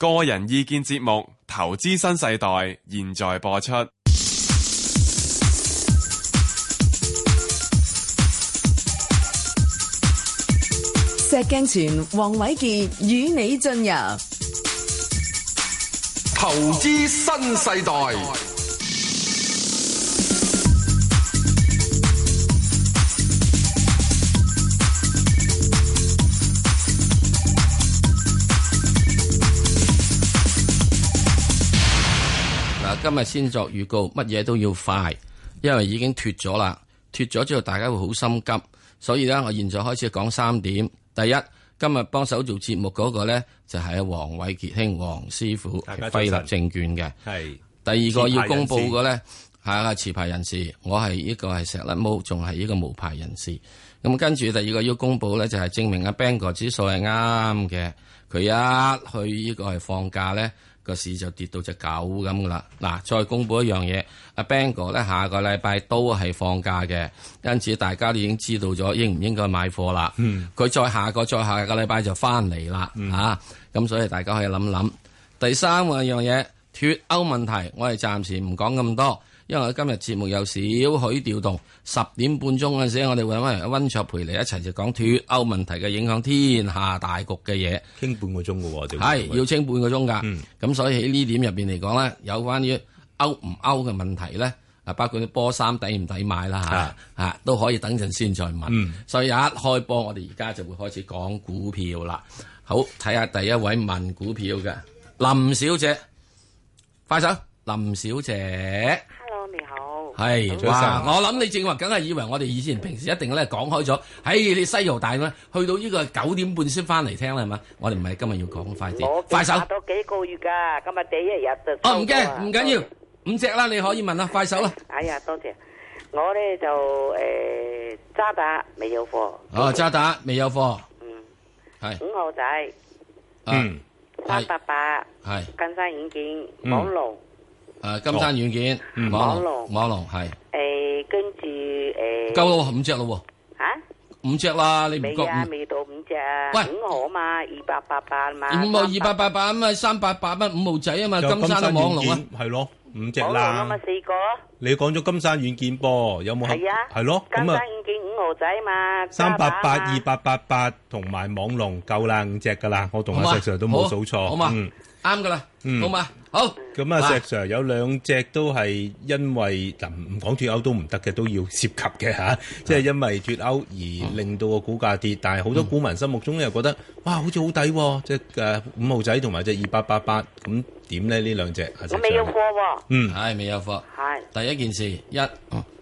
個人意見節目《投資新世代》現在播出。石鏡泉，黃偉傑與你進入《投資新世代》。今日先作預告，乜嘢都要快，因為已經脫咗啦。脫咗之後，大家會好心急，所以咧，我現在開始講三點。第一，今日幫手做節目嗰、那個咧，就係阿黃偉傑兄，黃師傅，輝立證券嘅。第二個要公佈嘅咧，係個持牌人士，我係呢個係石甩毛，仲係呢個無牌人士。咁跟住第二個要公佈咧，就係、是、證明阿 Ban 哥指數係啱嘅。佢一去呢個係放假咧。個市就跌到隻狗咁噶啦！嗱，再公布一樣嘢，阿 Bang 哥咧，下個禮拜都係放假嘅，因此大家都已經知道咗應唔應該買貨啦。嗯，佢再下個再下個禮拜就翻嚟啦。咁、嗯啊、所以大家可以諗諗。第三個樣嘢，脱歐問題，我哋暫時唔講咁多。因為今日節目有少許調動，十點半鐘嗰陣時，我哋會揾埋溫卓陪嚟一齊，就講脱歐問題嘅影響天下大局嘅嘢傾半個鐘嘅喎，係要傾半個鐘㗎。咁、嗯、所以喺呢點入邊嚟講咧，有關於歐唔歐嘅問題咧，啊，包括啲波衫抵唔抵買啦嚇啊，啊，都可以等陣先再問。嗯、所以有一開波，我哋而家就會開始講股票啦。好，睇下第一位問股票嘅林小姐，快手林小姐。係、哎、晨、嗯，我諗你正話，梗係以為我哋以前平時一定咧講開咗。喺、哎、你西游大咧，去到呢個九點半先翻嚟聽啦，係嘛？我哋唔係今日要講快啲快手到幾個月噶、啊，今日第一日就哦唔驚唔緊要，五隻啦，你可以問啦快手啦。哎呀，多謝我咧就誒渣、呃、打未有貨。哦，渣打未有貨。嗯，係。五號仔。嗯。八八八。係。金山軟件。嗯。誒，金山軟件，網龍，網龍係。誒，跟住誒，夠咯，五隻咯喎。吓？五隻啦，你唔覺？未啊，未到五隻。五毫啊嘛，二八八八嘛。五毫二八八八啊嘛，三八八蚊五毫仔啊嘛，金山嘅網龍啊，係咯，五隻啦。網龍咁啊四個。你講咗金山軟件噃，有冇？係啊。係咯。咁啊，金山軟件五毫仔嘛。三八八二八八八，同埋網龍夠啦，五隻噶啦，我同阿石石都冇數錯。好嘛。好嘛。啱噶啦。嗯。好嘛。好，咁、嗯、啊，石 Sir 有兩隻都係因為唔講脱歐都唔得嘅，都要涉及嘅、啊啊、即係因為脱歐而令到個股價跌，嗯、但係好多股民心目中又覺得、嗯、哇，好似好抵，即係誒五號仔同埋隻二八八八咁點咧？呢兩隻啊，未、啊、石 Sir、啊、嗯，係、哎、未有貨，第一件事一，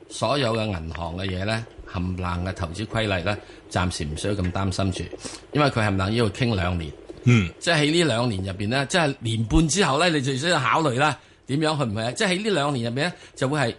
所有嘅銀行嘅嘢咧，冚唪唥嘅投資規例咧，暫時唔需要咁擔心住，因為佢冚唪唥要傾兩年。嗯，即係喺呢兩年入邊咧，即係年半之後咧，你就需要考慮啦，點樣去唔去？即係喺呢兩年入邊咧，就會係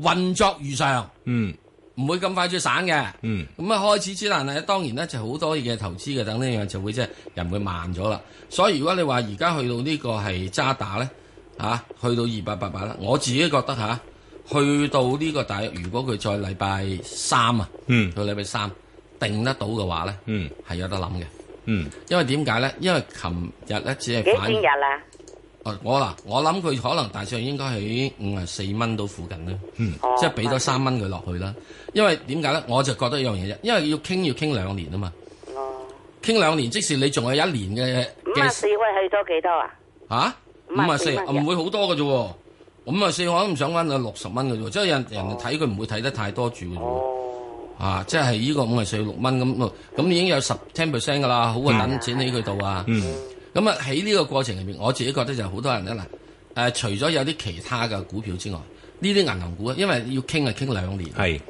運作如常。嗯，唔會咁快出省嘅。嗯，咁啊開始之難係當然咧，就好，是，多嘅投資嘅等呢樣就會即係，就是，人唔會慢咗啦。所以如果你話而家去到呢個係渣打咧，吓，啊，去到二八八八啦，我自己覺得吓，啊，去到呢個大約，如果佢再禮拜三啊，嗯，到禮拜三定得到嘅話咧，嗯，係有得諗嘅。嗯，因為點解咧？因為琴日咧只係，幾前日啊！哦，我嗱，我諗佢可能大上應該喺五啊四蚊到附近咧。嗯，哦、即係俾咗三蚊佢落去啦。因為點解咧？我就覺得一樣嘢啫。因為要傾要傾兩年啊嘛。哦。傾兩年，即使你仲有一年嘅嘅。五四位去多幾多啊？吓、啊啊？五啊四唔會好多嘅啫。五啊四我都唔想翻到六十蚊嘅啫。即係人、哦、人睇佢唔會睇得太多住嘅。哦。哦。啊，即係呢個五係四六蚊咁，咁已經有十 ten percent 噶啦，好過等錢喺佢度啊。咁、嗯、啊，喺、嗯、呢個過程裏面，我自己覺得就好多人呢。嗱、呃，除咗有啲其他嘅股票之外，呢啲銀行股啊，因為要傾係傾兩年，係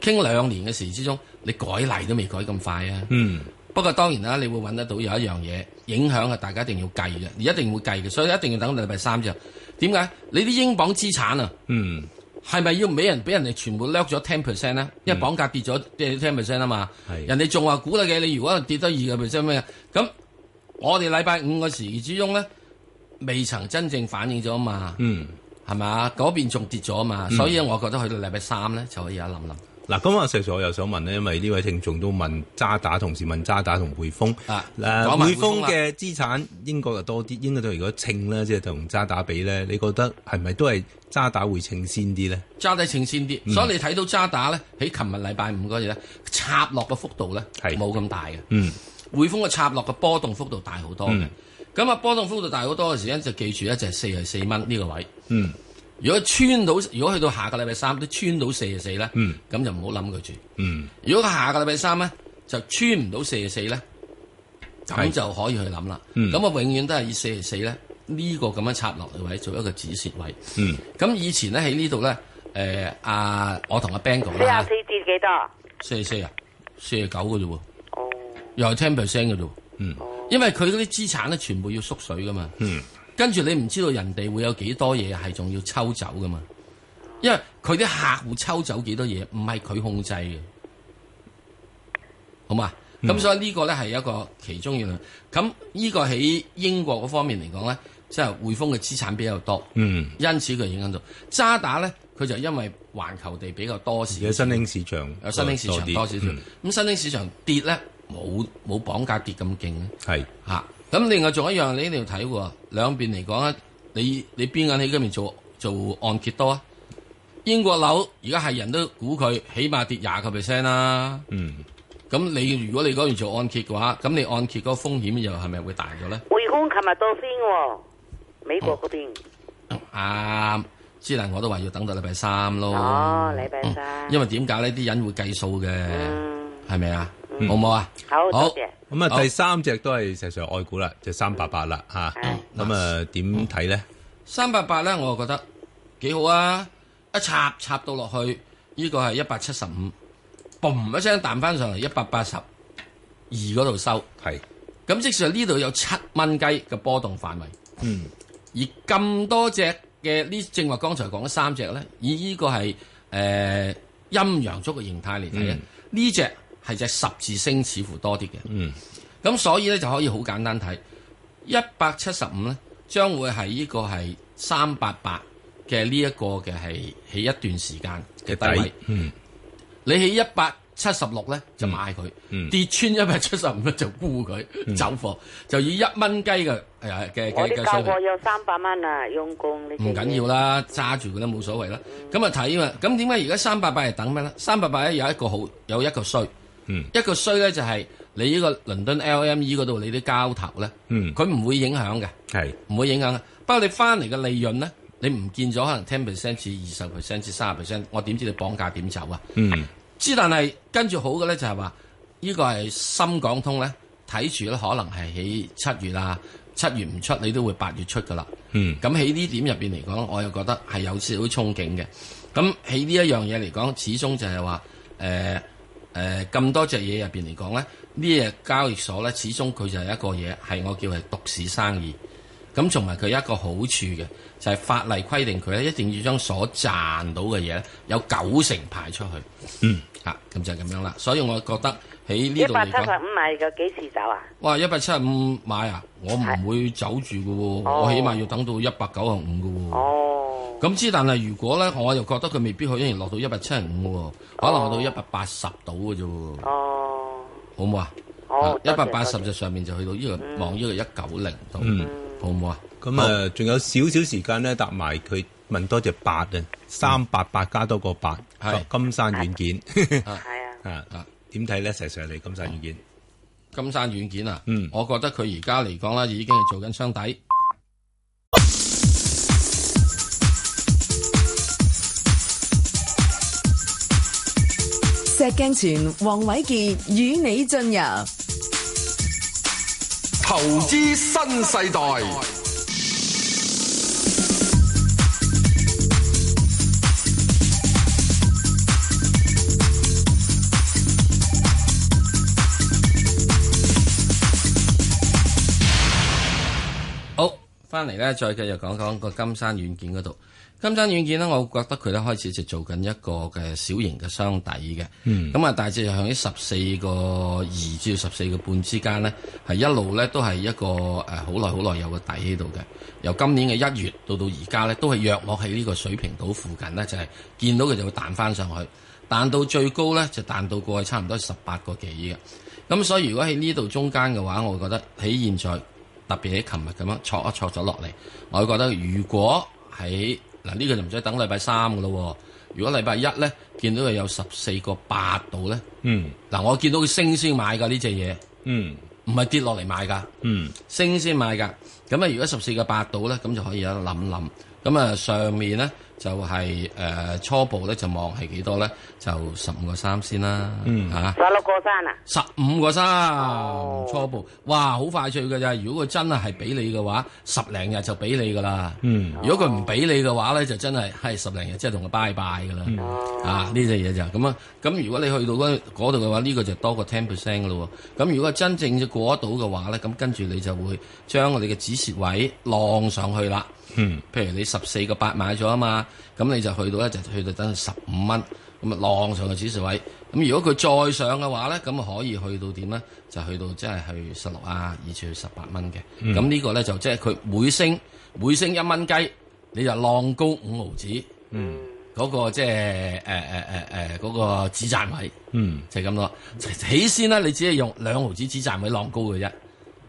傾兩年嘅時之中，你改例都未改咁快啊、嗯。不過當然啦，你會揾得到有一樣嘢影響啊，大家一定要計嘅，你一定會計嘅，所以一定要等到禮拜三啫。點解你啲英鎊資產啊？嗯。係咪要俾人俾人哋全部甩咗 ten percent 咧？因為磅價跌咗跌咗 ten percent 啊嘛，嗯、人哋仲話股嚟嘅，你如果跌多二個 percent 咩？咁我哋禮拜五嘅時之中咧，未曾真正反應咗嘛？嗯，係咪？嗰邊仲跌咗嘛、嗯？所以我覺得去到禮拜三咧就可以一諗諗。嗱，咁啊，實在我又想問咧，因為呢位聽眾都問渣打，同時問渣打同匯豐啊，匯、呃、豐嘅資產應該就多啲，應該就如果稱咧，即係同渣打比咧，你覺得係咪都係渣打會稱先啲咧？渣打稱先啲、嗯，所以你睇到渣打咧喺琴日禮拜五嗰陣咧插落嘅幅度咧係冇咁大嘅，匯豐嘅插落嘅、嗯、波動幅度大好多嘅，咁、嗯、啊波動幅度大好多嘅時間就記住一隻四十四蚊呢個位。嗯如果穿到，如果去到下個禮拜三都穿到四十四咧，咁、嗯、就唔好諗佢住、嗯。如果下個禮拜三咧就穿唔到四十四咧，咁就可以去諗啦。咁、嗯、我永遠都係以四十四咧呢、這個咁樣插落嚟位做一個止蝕位。咁以前咧喺呢度咧，誒我同阿 Ben 講啦。四十四至幾多？四十四啊，四十九嘅啫喎。又係 ten percent 嘅啫喎。嗯，呃 oh. oh. 因為佢嗰啲資產咧全部要縮水噶嘛。嗯。跟住你唔知道人哋會有幾多嘢係仲要抽走㗎嘛？因為佢啲客戶抽走幾多嘢，唔係佢控制嘅，好嘛？咁、嗯、所以呢個咧係一個其中一類。咁呢個喺英國嗰方面嚟講咧，即係匯豐嘅資產比較多，嗯，因此佢影響到渣打咧，佢就因為環球地比較多時有新興市場，有新興市場多少少。咁、嗯嗯嗯、新興市場跌咧，冇冇綁價跌咁勁咧？係咁另外仲有一樣，你一定要睇喎、哦。兩邊嚟講，你你邊間喺嗰邊做做按揭多啊？英國樓而家係人都估佢起碼跌廿個 percent 啦。嗯，咁你如果你講完做按揭嘅話，咁你按揭嗰個風險又係咪會大咗咧？匯豐琴日多先喎，美國嗰邊。啱、哦，之、哦、林、啊、我都話要等到禮拜三咯。哦，禮拜三、哦。因為點解呢啲人會計數嘅，係咪啊？好唔好啊？好。好好謝謝咁啊，第三隻都係石上愛股啦，就三八八啦嚇。咁、嗯、啊，點睇咧？三八八咧，呢嗯、我覺得幾好啊！一插插到落去，呢、呢個係一百七十五，嘣一聲彈翻上嚟一百八十二嗰度收。係。咁即係呢度有七蚊雞嘅波動範圍。嗯。而咁多隻嘅呢，正話剛才講咗三隻咧，以呢個係誒、呃、陰陽燭嘅形態嚟睇嘅呢隻。嗯，呢個係隻十字星似乎多啲嘅，咁、嗯、所以咧就可以好簡單睇一百七十五咧，將會係呢個係三八八嘅呢一個嘅係起一段時間嘅低位。嗯，你起一百七十六咧就買佢，嗯，跌穿一百七十五咧就沽佢、嗯、走貨，就以一蚊雞嘅嘅嘅嘅。我有三百蚊啊，用過你。唔緊要啦，揸住佢都冇所謂啦。咁啊睇啊，咁點解而家三百八係等咩咧？三百八咧有一個好，有一個衰。嗯、一個衰咧就係、是、你呢個倫敦 LME 嗰度你啲交投咧，佢、嗯、唔會影響嘅，唔會影響。不過你翻嚟嘅利潤咧，你唔見咗可能 ten percent 至二十 percent 至三十 percent，我點知你綁價點走啊？之、嗯，但係跟住好嘅咧就係話呢個係深港通咧，睇住咧可能係喺七月啊，七月唔出你都會八月出噶啦。咁喺呢點入邊嚟講，我又覺得係有少少憧憬嘅。咁喺呢一樣嘢嚟講，始終就係話誒。呃誒、呃、咁多隻嘢入面嚟講呢，呢隻交易所呢，始終佢就係一個嘢，係我叫係獨市生意。咁同埋佢一個好處嘅，就係、是、法例規定佢呢，一定要將所賺到嘅嘢，有九成派出去。嗯。啊，咁就係咁樣啦，所以我覺得喺呢度嚟講，七十五買嘅幾時走啊？哇，一百七十五買啊，我唔會走住嘅喎，oh. 我起碼要等到一百九十五嘅喎。哦，咁之但係如果咧，我又覺得佢未必可以落到一百七十五喎，可能落到一百八十度嘅啫喎。哦，好唔好啊？哦，一百八十就上面就去到呢、呢個望呢、嗯呢個一九零度，好唔好啊？咁、嗯、誒，仲有少少時間咧，搭埋佢問多隻八啊，三八八加多個八。金山軟件，係啊，啊 啊，點睇咧？石 Sir 你金山軟件，金山軟件啊，嗯，我覺得佢而家嚟講咧，已經係做緊雙底。石鏡泉，黃偉杰與你進入投資新世代。翻嚟咧，再繼續講講個金山軟件嗰度。金山軟件咧，我覺得佢咧開始就做緊一個嘅小型嘅箱底嘅。咁啊，大致就向啲十四個二至十四個半之間咧，係一路咧都係一個誒好耐好耐有個底喺度嘅。由今年嘅一月到到而家咧，都係約落喺呢個水平島附近咧，就係見到佢就會彈翻上去，彈到最高咧就彈到過去差唔多十八個幾嘅。咁所以如果喺呢度中間嘅話，我覺得喺現在。特別喺琴日咁樣戳一戳咗落嚟，我覺得如果喺嗱，呢個就唔使等禮拜三噶咯。如果禮拜一咧見到佢有十四個八度咧，嗯，嗱我見到佢升先買噶呢隻嘢，嗯，唔係跌落嚟買噶，嗯，升先買噶。咁啊，如果十四個八度咧，咁就可以喺度諗諗。咁啊，上面咧。就係、是、誒、呃、初步咧，就望係幾多咧？就十五個三先啦，嚇、嗯！十六個三啊！十五個三初步，哇！好快脆㗎咋？如果佢真係係俾你嘅話，十零日就俾你噶啦。嗯，如果佢唔俾你嘅話咧，就真係係十零日即係同佢拜拜噶啦、嗯。啊，呢隻嘢就咁啊。咁如果你去到嗰度嘅話，呢、這個就多過 ten percent 噶咯。咁如果真正嘅過得到嘅話咧，咁跟住你就會將我哋嘅止蝕位晾上去啦。嗯，譬如你十四個八買咗啊嘛，咁你就去到咧就去到等於十五蚊，咁啊浪上個止蝕位，咁如果佢再上嘅話咧，咁可以去到點咧？就去到即係、就是、去十六啊，以至去十八蚊嘅。咁、嗯、呢個咧就即係佢每升每升一蚊雞，你就浪高五毫子。嗯，嗰、那個即係誒誒誒誒嗰個止蝕位。嗯，就係咁咯。起先咧、啊，你只係用兩毫子止蝕位浪高嘅啫，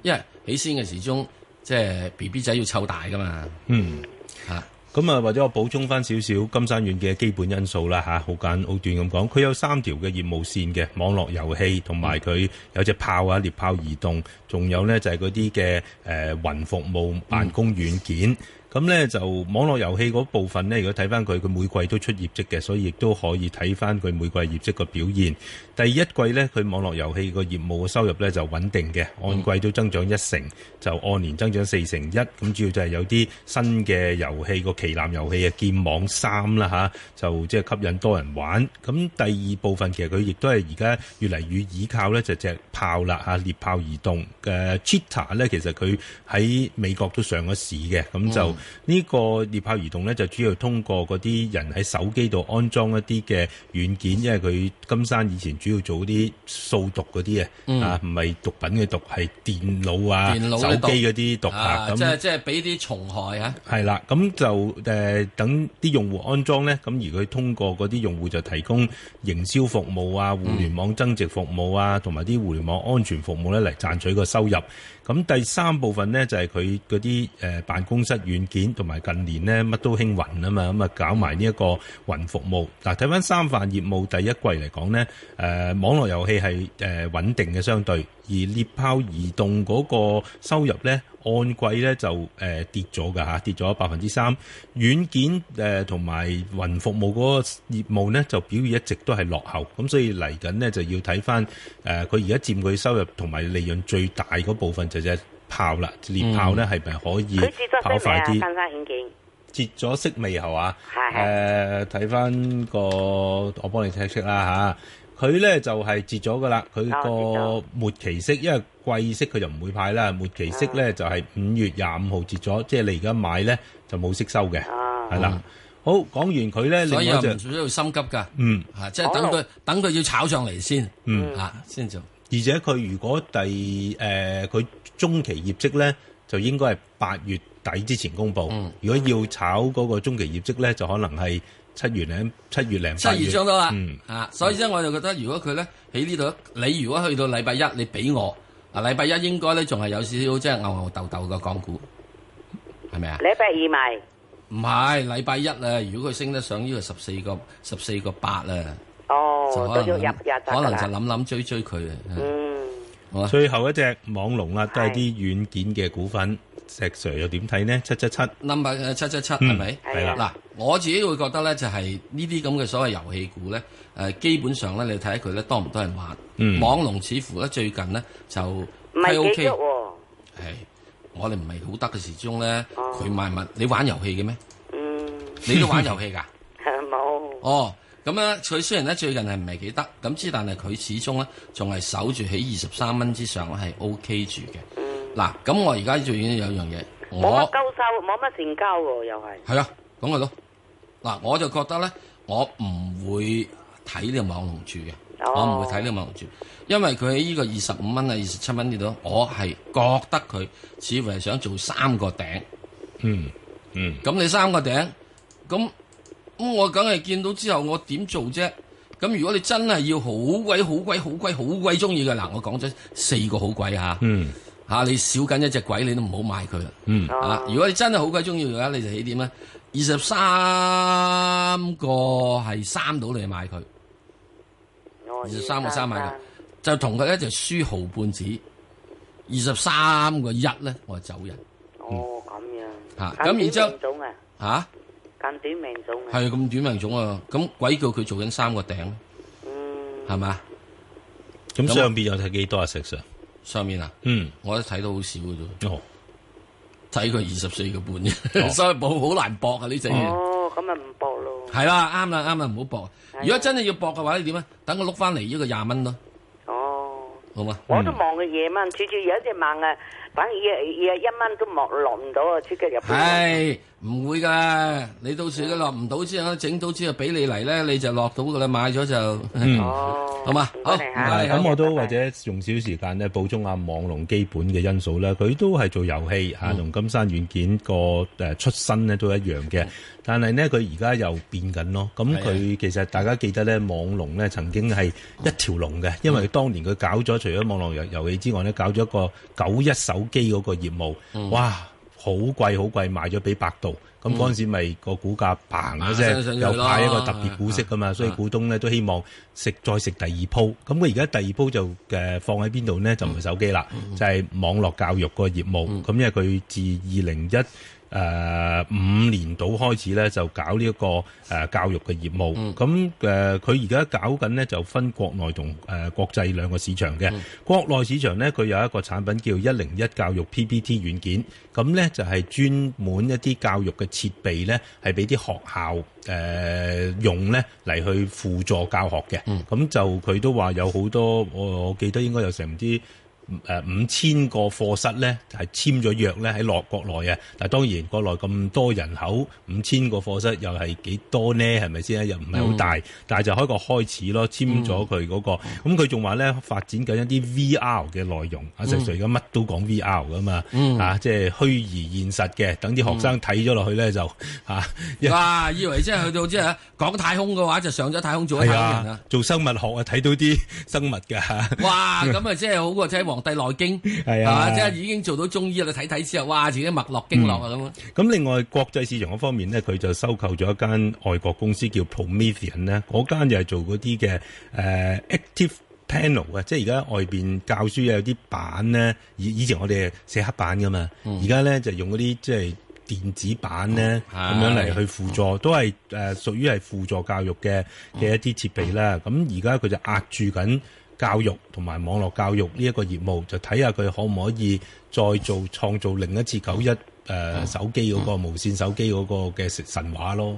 因為起先嘅時鐘。即係 B B 仔要湊大噶嘛，嗯嚇，咁啊，或者我補充翻少少金山軟件嘅基本因素啦嚇，好簡好短咁講，佢有三條嘅業務線嘅網絡遊戲，同埋佢有隻炮啊，獵豹移動，仲有咧就係嗰啲嘅誒雲服務辦公軟件。嗯咁咧就網絡遊戲嗰部分咧，如果睇翻佢，佢每季都出業績嘅，所以亦都可以睇翻佢每季業績個表現。第一季咧，佢網絡遊戲個業務嘅收入咧就穩定嘅，按季都增長一成，就按年增長四成一。咁主要就係有啲新嘅遊戲、個旗艦遊戲啊，《劍網三》啦嚇，就即係吸引多人玩。咁第二部分其實佢亦都係而家越嚟越倚靠咧，就隻炮啦嚇，獵、啊、豹移動嘅 Cheetah 咧，其實佢喺美國都上咗市嘅，咁就。Oh. 呢、這個獵豹移動咧就主要通過嗰啲人喺手機度安裝一啲嘅軟件，因為佢金山以前主要做啲掃毒嗰啲嘢，啊唔係毒品嘅毒，係電腦啊手機嗰啲毒啊，毒毒啊啊即係即係俾啲蟲害啊，係啦，咁就、呃、等啲用戶安裝咧，咁而佢通過嗰啲用戶就提供營銷服務啊、互聯網增值服務啊，同埋啲互聯網安全服務咧嚟賺取個收入。咁第三部分咧就係佢嗰啲誒辦公室軟件。件同埋近年咧乜都興雲啊嘛，咁啊搞埋呢一個雲服務。嗱，睇翻三範業務第一季嚟講咧，誒網絡遊戲係誒穩定嘅，相對，而獵豹移動嗰個收入咧按季咧就跌咗㗎吓。跌咗百分之三。軟件誒同埋雲服務嗰個業務咧就表現一直都係落後，咁所以嚟緊咧就要睇翻誒佢而家佔佢收入同埋利潤最大嗰部分就啫、是。拋啦，獵拋咧係咪可以跑快啲？截咗息未啊？翻翻險境，截咗息未係嘛？係係，睇翻個，我幫你睇一睇啦吓。佢咧就係截咗噶啦，佢個末期息，因為季息佢就唔會派啦。末期息咧就係五月廿五號截咗，即係你而家買咧就冇息收嘅，係啦。好講完佢咧，所以又唔需要心急噶，嗯，吓即係等佢，等佢要炒上嚟先，嗯吓先做。而且佢如果第誒佢。中期業績咧就應該係八月底之前公布。嗯、如果要炒嗰個中期業績咧，就可能係七月零七月零七月。七月月七月中到啦，啊、嗯嗯！所以咧，我就覺得如果佢咧喺呢度，你如果去到禮拜一，你俾我啊，禮拜一應該咧仲係有少少即係牛牛豆豆嘅港股，係咪啊？禮拜二咪？唔係禮拜一啊！如果佢升得上呢個十四個十四個八啊，哦就可就要日日可，可能可能就諗諗追追佢啊。嗯最後一隻網龍啦，都係啲軟件嘅股份的，石 Sir 又點睇呢？七七七 number 七七七係咪？係、嗯、啦，嗱，我自己會覺得咧，就係呢啲咁嘅所謂的遊戲股咧，誒，基本上咧，你睇下佢咧多唔多人玩？嗯、網龍似乎咧最近咧就唔係 k 足喎。係、哦哎、我哋唔係好得嘅，始終咧，佢咪物，你玩遊戲嘅咩？嗯，你都玩遊戲噶？係冇。哦。咁、OK 嗯、啊，佢雖然咧最近係唔係幾得咁之，但係佢始終咧仲係守住喺二十三蚊之上，係 O K 住嘅。嗱，咁我而家最緊要有一樣嘢，冇乜高收，冇乜成交喎，又係。係啊，咁咪咯。嗱，我就覺得咧，我唔會睇呢個網紅柱嘅，我唔會睇呢個網紅柱，因為佢喺呢個二十五蚊啊、二十七蚊呢度，我係覺得佢似乎係想做三個頂。嗯嗯。咁你三個頂，咁。咁我梗係見到之後我，我點做啫？咁如果你真係要好鬼好鬼好鬼好鬼中意嘅，嗱，我講咗四個好鬼吓，吓、嗯啊、你少緊一隻鬼，你都唔好買佢啦。嗯，啊，如果你真係好鬼中意嘅話，你就起點咧，二十三個係三度你買佢，二十三個三買佢，就同佢一隻輸毫半子，二十三個一咧，我就走人。哦，咁樣吓、啊、咁、啊、然之後吓。係咁短命種啊！咁、啊、鬼叫佢做緊三個頂，係、嗯、嘛？咁上邊又睇幾多啊？石、嗯、上上面啊？嗯，我一睇都好少嘅啫。睇佢二十四個半，所以博好很難搏啊！呢隻哦，咁咪唔搏咯？係啦、啊，啱啦、啊，啱啦、啊，唔好搏。如果真係要搏嘅話，你點啊？等我碌翻嚟呢個廿蚊咯。哦，好嘛，我都望佢夜蚊，至少有一隻萬啊，反而一蚊都望落唔到啊，出嘅入。係。唔會噶，你到時都落唔到之後，整到之後俾你嚟咧，你就落到噶啦。買咗就。 嗯，好嘛，好咁我都或者用少時間咧補充下、啊、網龍基本嘅因素啦。佢都係做遊戲，啊，同、嗯、金山軟件個、呃、出身咧都一樣嘅、嗯，但係呢，佢而家又變緊咯。咁、嗯、佢、嗯、其實大家記得咧，網龍咧曾經係一條龍嘅，因為當年佢搞咗除咗網絡遊遊戲之外咧，搞咗個九一手機嗰個業務，嗯、哇！好貴好貴，賣咗俾百度，咁嗰陣時咪個股價嘭咗啫，啊就是、又派一個特別股息噶嘛、啊，所以股東咧都希望食再食第二鋪。咁佢而家第二鋪就、呃、放喺邊度咧？就唔係手機啦、嗯嗯，就係、是、網絡教育個業務。咁、嗯、因為佢自二零一。誒、呃、五年度開始咧就搞呢、這、一個誒、呃、教育嘅業務，咁誒佢而家搞緊呢，就分國內同誒、呃、國際兩個市場嘅、嗯。國內市場呢，佢有一個產品叫一零一教育 PPT 軟件，咁呢，就係、是、專門一啲教育嘅設備呢係俾啲學校誒、呃、用呢嚟去輔助教學嘅。咁、嗯嗯、就佢都話有好多我記得應該有成唔知。誒、呃、五千個課室咧，就係簽咗約咧喺落國內呀。但係當然國內咁多人口，五千個課室又係幾多呢？係咪先？又唔係好大，嗯、但係就開個開始咯。簽咗佢嗰個，咁佢仲話咧發展緊一啲 VR 嘅內容。事實上而家乜都講 VR 㗎嘛？嗯、啊即係、即係、虛擬現實嘅，等啲學生睇咗落去咧、嗯、就嚇、啊。哇！ 以為即係去到即係講太空嘅話，就上咗太空做一、啊、做生物學啊，睇到啲生物㗎。哇！咁啊，即係好過聽 黃帝內經》係啊，即係已經做到中醫啦，睇睇之後，哇，自己脈絡經絡啊咁。咁、嗯、另外國際市場嗰方面咧，佢就收購咗一間外國公司叫 Promethean 咧，嗰間就係做嗰啲嘅 active panel 啊，即係而家外邊教書有啲板咧，以以前我哋係寫黑板噶嘛，而家咧就用嗰啲即係電子板咧咁、哦、樣嚟去輔助，哎、都係、呃、屬於係輔助教育嘅嘅、哦、一啲設備啦。咁而家佢就壓住緊。教育同埋網絡教育呢一個業務，就睇下佢可唔可以再做創造另一次九一誒手機嗰、那個無線手機嗰個嘅神話咯。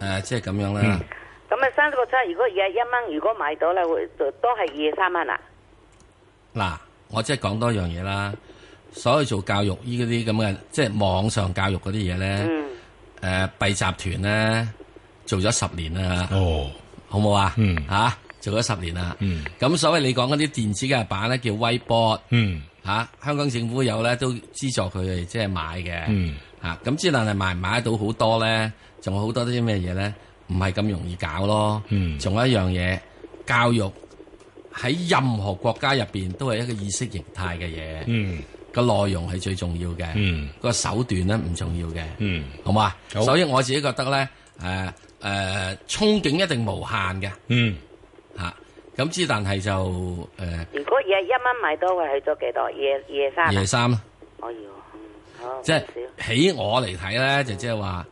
誒、呃，即係咁樣啦。咁啊，三個七，如果二一蚊，如果買到啦，就都係二三蚊啦。嗱，我即係講多樣嘢啦。所以做教育呢嗰啲咁嘅，即係網上教育嗰啲嘢咧，誒、嗯、幣、呃、集團咧做咗十年啦。哦，好唔好啊？嗯，吓、啊。做咗十年啦，咁、嗯、所謂你講嗰啲電子嘅板咧，叫微波、嗯啊，香港政府有咧都資助佢哋，即係買嘅，咁、啊、只能係買唔買得到好多咧，仲有好多啲咩嘢咧，唔係咁容易搞咯，仲、嗯、有一樣嘢教育喺任何國家入邊都係一個意識形態嘅嘢，個、嗯、內容係最重要嘅，嗯，那個手段咧唔重要嘅、嗯，好嘛？所以我自己覺得咧，誒、呃、誒、呃，憧憬一定無限嘅。嗯吓、啊，咁之但係就誒、呃，如果廿一蚊買會多，佢去咗幾多？夜夜三，夜三、啊夜三啊、可以、啊，喎、嗯，即係喺我嚟睇咧，就即係話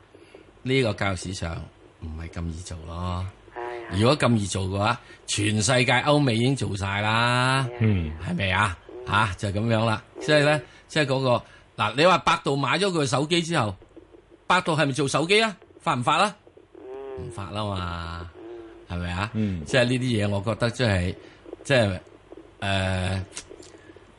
呢個教育市場唔係咁易做咯。係、嗯、如果咁易做嘅話，全世界歐美已經做晒啦，嗯，係咪啊？吓、嗯啊、就咁、是、樣啦、嗯，即係咧、嗯，即係嗰、那個嗱、啊，你話百度買咗佢嘅手機之後，百度係咪做手機啊？發唔發啦、啊？唔、嗯、發啦嘛。係咪啊？即係呢啲嘢，我覺得即係即係誒，係、呃、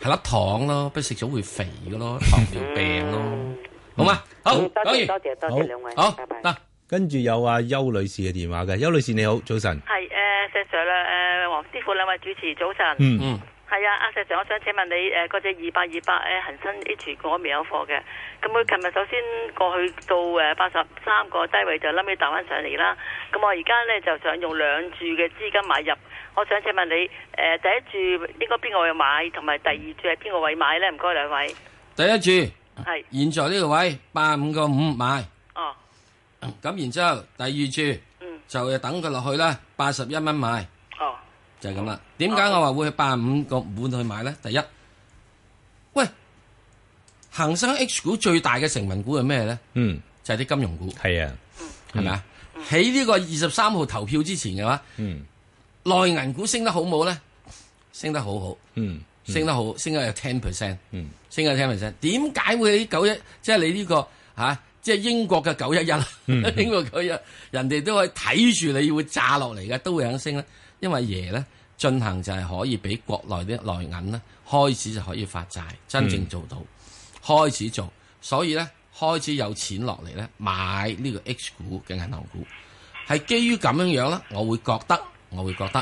粒糖咯，不食咗會肥噶咯，糖尿病咯、嗯，好嘛、嗯？好，多謝多謝多謝兩位。好，拜拜，跟住有啊，邱女士嘅電話嘅，邱女士你好，早晨。係誒、呃、，石 Sir 啦、呃，誒，黃師傅兩位主持早晨。嗯嗯。係啊，阿、啊、石常，我想請問你，誒、啊，嗰隻二百二百誒恒生 H 股我未有貨嘅，咁佢琴日首先過去到誒八十三個低位就冧咗彈翻上嚟啦，咁我而家咧就想用兩注嘅資金買入，我想請問你，誒，第一注應該邊個去買，同埋第二注喺邊個位買咧？唔該兩位。第一注係，現在呢個位八五個五買。哦。咁然之後第二注，嗯，就等佢落去啦，八十一蚊買。就係咁啦，點解我話會去八啊五個半去買咧？第一，喂，恒生 H 股最大嘅成分股係咩咧？嗯，就係、是、啲金融股。係啊，係咪啊？喺、嗯、呢個二十三號投票之前嘅話，內、嗯、銀股升得好唔好咧？升得好好、嗯，嗯，升得好，升咗有 ten percent，嗯，升咗 ten percent。點解會喺九一？即係你呢個吓，即、就、係、是、英國嘅九一一， 英國九一一，人哋都可以睇住你會炸落嚟嘅，都會響升咧。因為耶咧進行就係可以俾國內啲內銀咧開始就可以發債，真正做到、嗯、開始做，所以咧開始有錢落嚟咧買呢個 H 股嘅銀行股，係基於咁樣樣咧，我會覺得我會覺得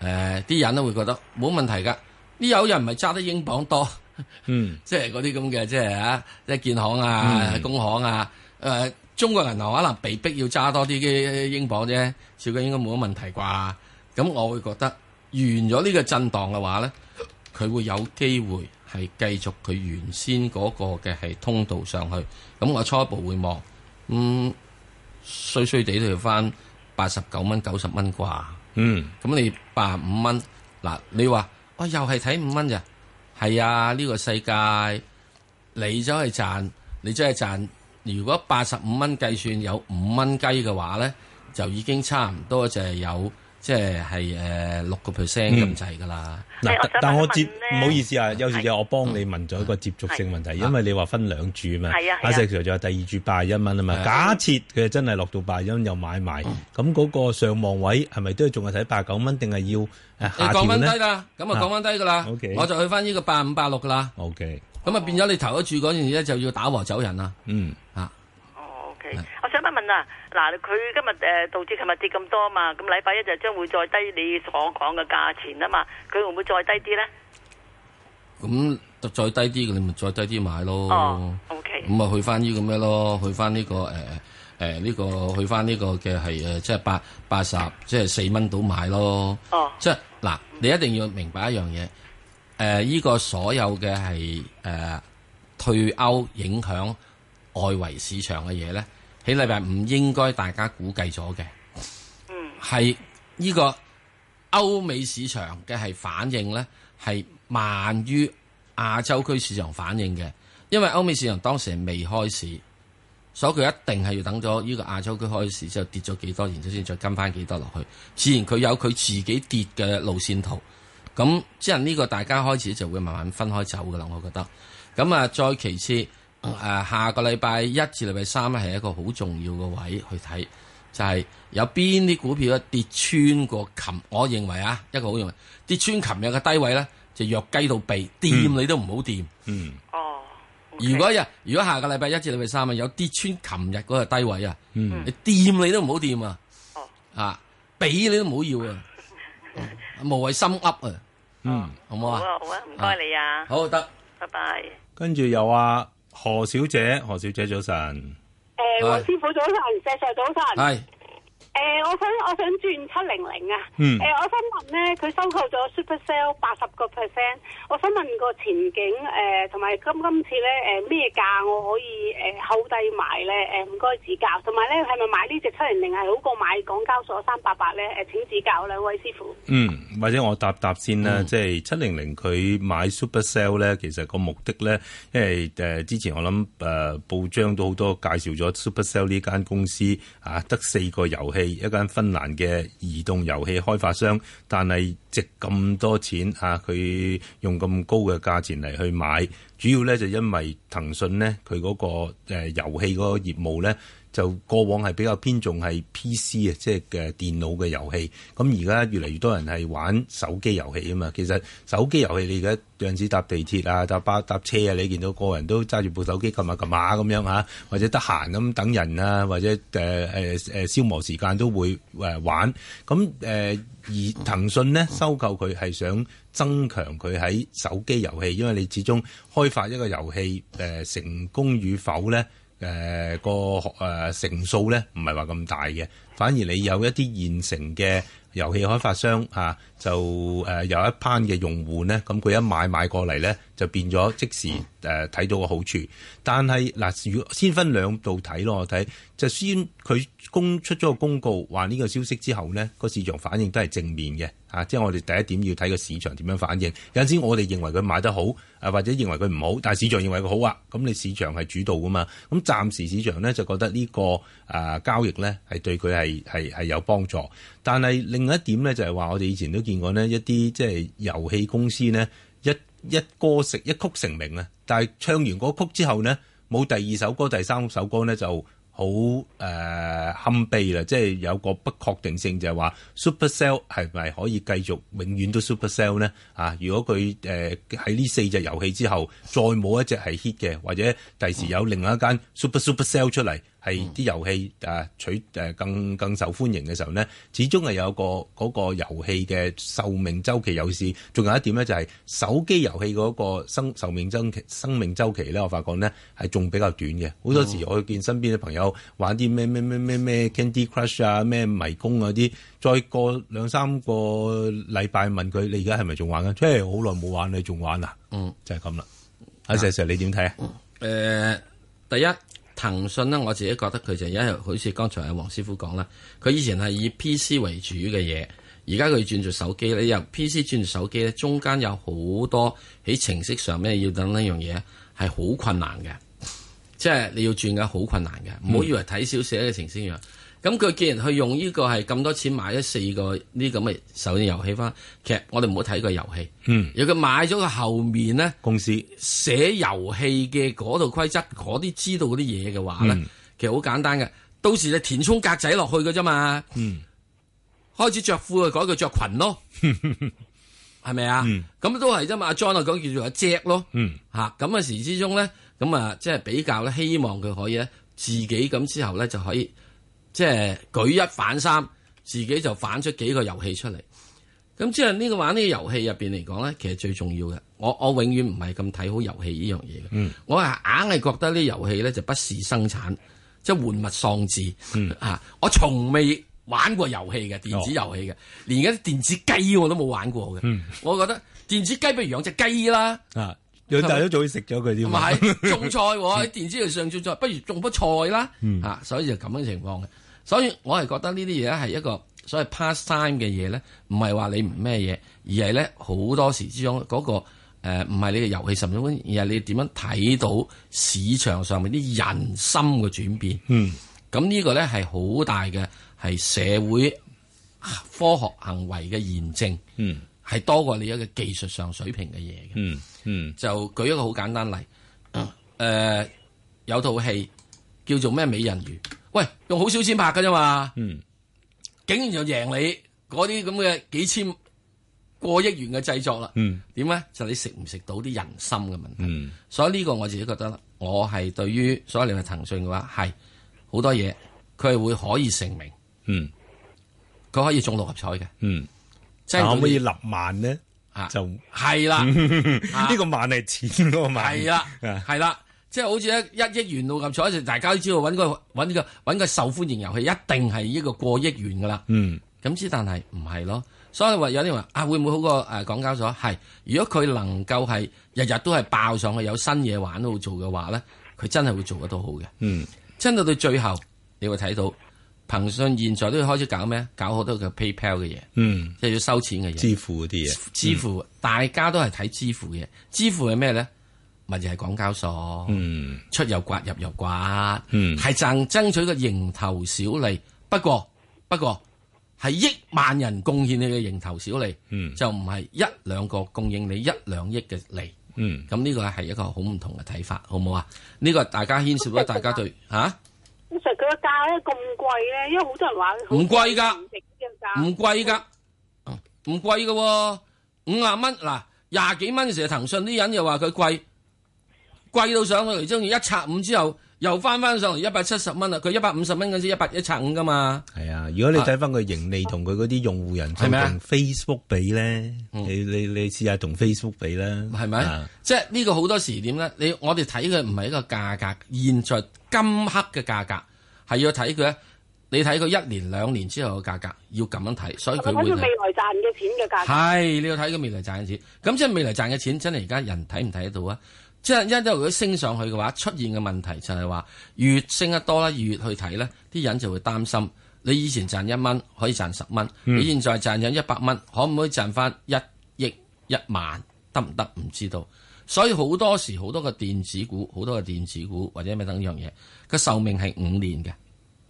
誒啲、呃、人都會覺得冇問題㗎。呢有人唔係揸得英鎊多， 嗯，即係嗰啲咁嘅，即係啊，即係建行啊、嗯、工行啊，誒、呃、中國銀行可能被逼要揸多啲嘅英鎊啫，小金應該冇乜問題啩。咁我會覺得完咗呢個震盪嘅話咧，佢會有機會係繼續佢原先嗰個嘅係通道上去。咁我初步會望嗯，衰衰地都要翻八十九蚊、九十蚊啩。嗯，咁、嗯、你八五蚊嗱，你話哇、哦，又係睇五蚊啫。係啊，呢、呢個世界你咗係賺，你真係賺。如果八十五蚊計算有五蚊雞嘅話咧，就已經差唔多就係有。即係誒六個 percent 咁滯噶啦。嗱、嗯嗯，但我接唔、嗯、好意思啊、嗯，有時就我幫你問咗一個接觸性問題，嗯、因為你話分兩注啊嘛。阿石 Sir 就話第二注八一蚊啊嘛、啊啊。假設佢真係落到八一，又買埋，咁、嗯、嗰、嗯、個上望位係咪都仲係睇八九蚊？定係要誒？你降翻低啦，咁啊降翻低噶啦。我就去翻呢個八五八六噶啦。OK 8, 5, 8,。咁、okay, 啊變咗你頭一注嗰陣時咧，就要打和走人啦。嗯啊。哦，OK。嗱嗱，佢今日誒導致琴日跌咁多嘛，咁禮拜一就將會再低你所講嘅價錢啊嘛。佢會唔會再低啲咧？咁再低啲嘅，你咪再低啲買咯。哦，O K。咁、okay、啊，去翻呢個咩咯？去翻呢個誒誒呢個去翻呢個嘅係誒，即係八八十，即係四蚊到買咯。哦，即係嗱，你一定要明白一樣嘢誒，呢個所有嘅係誒退歐影響外圍市場嘅嘢咧。喺禮拜五應該大家估計咗嘅，係呢個歐美市場嘅反應呢，係慢於亞洲區市場反應嘅，因為歐美市場當時未開始，所以佢一定係要等咗呢個亞洲區開始之後跌咗幾多，然之後先再跟翻幾多落去。自然佢有佢自己跌嘅路線圖，咁即係呢個大家開始就會慢慢分開走噶啦，我覺得。咁啊，再其次。誒、嗯啊，下個禮拜一至禮拜三咧，係一個好重要嘅位去睇，就係、是、有邊啲股票啊跌穿過琴，我認為啊一個好認為，跌穿琴日嘅低位咧，就弱雞到痹掂、嗯、你都唔好掂。嗯。哦。如果日，okay. 如果下個禮拜一至禮拜三啊，有跌穿琴日嗰個低位啊，嗯，你掂你都唔好掂啊。哦。啊，俾你都唔好要啊，啊啊啊無謂心噏啊，啊。嗯，好唔好啊？好啊好啊，唔該你啊。啊好得，拜拜。跟住又話。何小姐，何小姐，早晨。誒，何師傅，早晨，石 Sir，早晨。誒、呃，我想我想轉七零零啊！誒、嗯呃，我想問咧，佢收購咗 SuperCell 八十個 percent，我想問個前景誒，同、呃、埋今今次咧誒咩價我可以誒、呃、厚低買咧？誒唔該指教，同埋咧，係咪買呢隻七零零係好過買港交所三百八咧？誒、呃，請指教啦，兩位師傅。嗯，或者我答答先啦、嗯，即係七零零佢買 SuperCell 咧，其實個目的咧，因為誒、呃、之前我諗誒、呃、報章都好多介紹咗 SuperCell 呢間公司啊，得四個遊戲。一間芬蘭嘅移動遊戲開發商，但係值咁多錢啊？佢用咁高嘅價錢嚟去買。主要咧就因為騰訊咧，佢嗰個、呃、遊戲嗰個業務咧。就過往係比較偏重係 PC 啊，即係嘅電腦嘅遊戲，咁而家越嚟越多人係玩手機遊戲啊嘛。其實手機遊戲你而家有陣時搭地鐵啊、搭巴、搭車啊，你見到個人都揸住部手機撳下撳下咁樣吓，或者得閒咁等人啊，或者誒誒誒消磨時間都會誒玩。咁誒而騰訊咧收購佢係想增強佢喺手機遊戲，因為你始終開發一個遊戲誒成功與否咧。誒、呃那個誒、呃、成數咧唔係話咁大嘅，反而你有一啲現成嘅遊戲開發商啊，就誒、呃、有一班嘅用戶咧，咁佢一買買過嚟咧，就變咗即時誒睇、呃、到個好處。但係嗱，如、呃、果先分兩度睇咯，我睇就先佢公出咗個公告話呢個消息之後呢，個市場反應都係正面嘅。啊！即係我哋第一點要睇個市場點樣反應。有陣時我哋認為佢買得好，啊或者認為佢唔好，但係市場認為佢好啊。咁你市場係主導噶嘛？咁暫時市場咧就覺得呢個啊交易咧係對佢係係係有幫助。但係另外一點咧就係話，我哋以前都見過呢一啲即係遊戲公司呢，一一歌成一曲成名啊！但係唱完嗰曲之後呢，冇第二首歌、第三首歌呢就。好誒、呃、堪悲啦，即係有個不確定性，就係話 Supercell 係咪可以繼續永遠都 Supercell 呢？啊，如果佢誒喺呢四隻遊戲之後再冇一隻係 hit 嘅，或者第時有另外一間 super Supercell 出嚟。係啲遊戲誒取誒、啊、更更受歡迎嘅時候呢，始終係有個嗰、那個遊戲嘅壽命周期有事。仲有一點呢，就係、是、手機遊戲嗰個生壽命周期生命周期呢，我發覺呢係仲比較短嘅。好多時我去見身邊嘅朋友玩啲咩咩咩咩咩 Candy Crush 啊，咩迷宮啲、啊，再過兩三個禮拜問佢，嗯，你而家係咪仲玩啊？即係好耐冇玩你仲玩啊？嗯，就係咁啦。阿石石你點睇啊？誒、嗯呃，第一。騰訊咧，我自己覺得佢就是、因為好似剛才阿黃師傅講啦，佢以前係以 PC 為主嘅嘢，而家佢轉做手機咧，你由 PC 轉做手機咧，中間有好多喺程式上咩要等等樣嘢，係好困難嘅，即係你要轉嘅好困難嘅，唔、嗯、好以為睇小說嘅程式樣咁佢既然去用呢、這個係咁多錢買咗四個呢咁嘅手機遊戲翻，其實我哋唔好睇佢遊戲。嗯，如果佢買咗佢後面呢公司寫遊戲嘅嗰套規則，嗰啲知道嗰啲嘢嘅話咧、嗯，其實好簡單嘅。到時就填充格仔落去嘅啫嘛。嗯，開始着褲去，改佢着裙咯，係 咪啊？咁、嗯、都係啫嘛。阿 John 啊，講叫做只咯。嗯，吓咁一時之中咧，咁啊，即係比較咧，希望佢可以咧自己咁之後咧就可以。即係舉一反三，自己就反出幾個遊戲出嚟。咁即係呢個玩呢個遊戲入邊嚟講咧，其實最重要嘅。我我永遠唔係咁睇好遊戲呢樣嘢嘅。我係硬係覺得遊戲呢遊戲咧就不事生產，即係玩物喪志、嗯。啊，我從未玩過遊戲嘅電子遊戲嘅，連一啲電子雞我都冇玩過嘅、嗯。我覺得電子雞不如養隻雞啦。啊，養大咗就可以食咗佢啲唔係種菜喎、喔，喺電子上種菜，不如種棵菜啦、嗯。啊，所以就咁樣情況嘅。所以我係覺得呢啲嘢咧係一個所謂 pastime 嘅嘢咧，唔係話你唔咩嘢，而係咧好多時之中嗰、那個唔係、呃、你嘅遊戲甚至，而係你點樣睇到市場上面啲人心嘅轉變。嗯，咁呢個咧係好大嘅係社會科學行為嘅驗證。嗯，係多過你一個技術上水平嘅嘢嘅。嗯嗯，就舉一個好簡單例，誒、嗯呃、有套戲叫做咩美人魚。喂，用好少錢拍㗎啫嘛，竟然就贏你嗰啲咁嘅幾千過億元嘅製作啦，點、嗯、咧就是、你食唔食到啲人心嘅問題？嗯、所以呢個我自己覺得，我係對於所有你係騰訊嘅話，係好多嘢，佢係會可以成名，嗯，佢可以中六合彩嘅，嗯，即係可唔可以立萬咧、啊？就係啦，呢、啊、 個萬係錢嗰個萬，係啦，係、啊、啦。即係好似一億一億元度咁，坐，大家都知道搵個個個受歡迎遊戲，一定係一個過億元噶啦。嗯，咁之但係唔係咯，所以話有啲人話啊，會唔會好過誒、呃？港交所係，如果佢能夠係日日都係爆上去，有新嘢玩都做嘅話咧，佢真係會做得到好嘅。嗯，真到到最後，你會睇到騰訊現在都要開始搞咩？搞好多嘅 PayPal 嘅嘢，嗯，即係要收錢嘅嘢，支付嗰啲嘢，支付、嗯、大家都係睇支付嘅，支付係咩咧？咪就係港交所，出又刮入又刮，係賺，爭取個蠅頭小利。不過不過係億萬人貢獻你嘅蠅頭小利，就唔係一兩個供應你一兩億嘅利。咁呢個係一個好唔同嘅睇法，好唔好啊？呢個大家牽涉咗，大家對吓。其實佢個價咧咁貴咧，因為好多人話唔貴噶，唔貴噶，唔貴噶，唔貴噶，五廿蚊嗱廿幾蚊嘅時，騰訊啲人又話佢貴。貴到上去，將要一拆五之後又翻翻上嚟一百七十蚊啦。佢一百五十蚊嗰陣，一百一拆五噶嘛。係啊，如果你睇翻佢盈利同佢嗰啲用戶人數同、啊、Facebook 比咧、嗯，你你你試下同 Facebook 比啦。係咪、啊？即係呢個好多時點咧？你我哋睇嘅唔係一個價格，現在今刻嘅價格係要睇佢。你睇佢一年兩年之後嘅價格，要咁樣睇，所以佢會未來賺嘅錢嘅價係你要睇佢未來賺嘅錢。咁即係未來賺嘅錢，真係而家人睇唔睇得到啊？即係一一如果升上去嘅話，出現嘅問題就係話，越升得多咧，越去睇呢啲人就會擔心。你以前賺一蚊可以賺十蚊、嗯，你現在賺咗一百蚊，可唔可以賺翻一億一萬？得唔得？唔知道。所以好多時好多個電子股，好多個電子股或者咩等樣嘢，個壽命係五年嘅。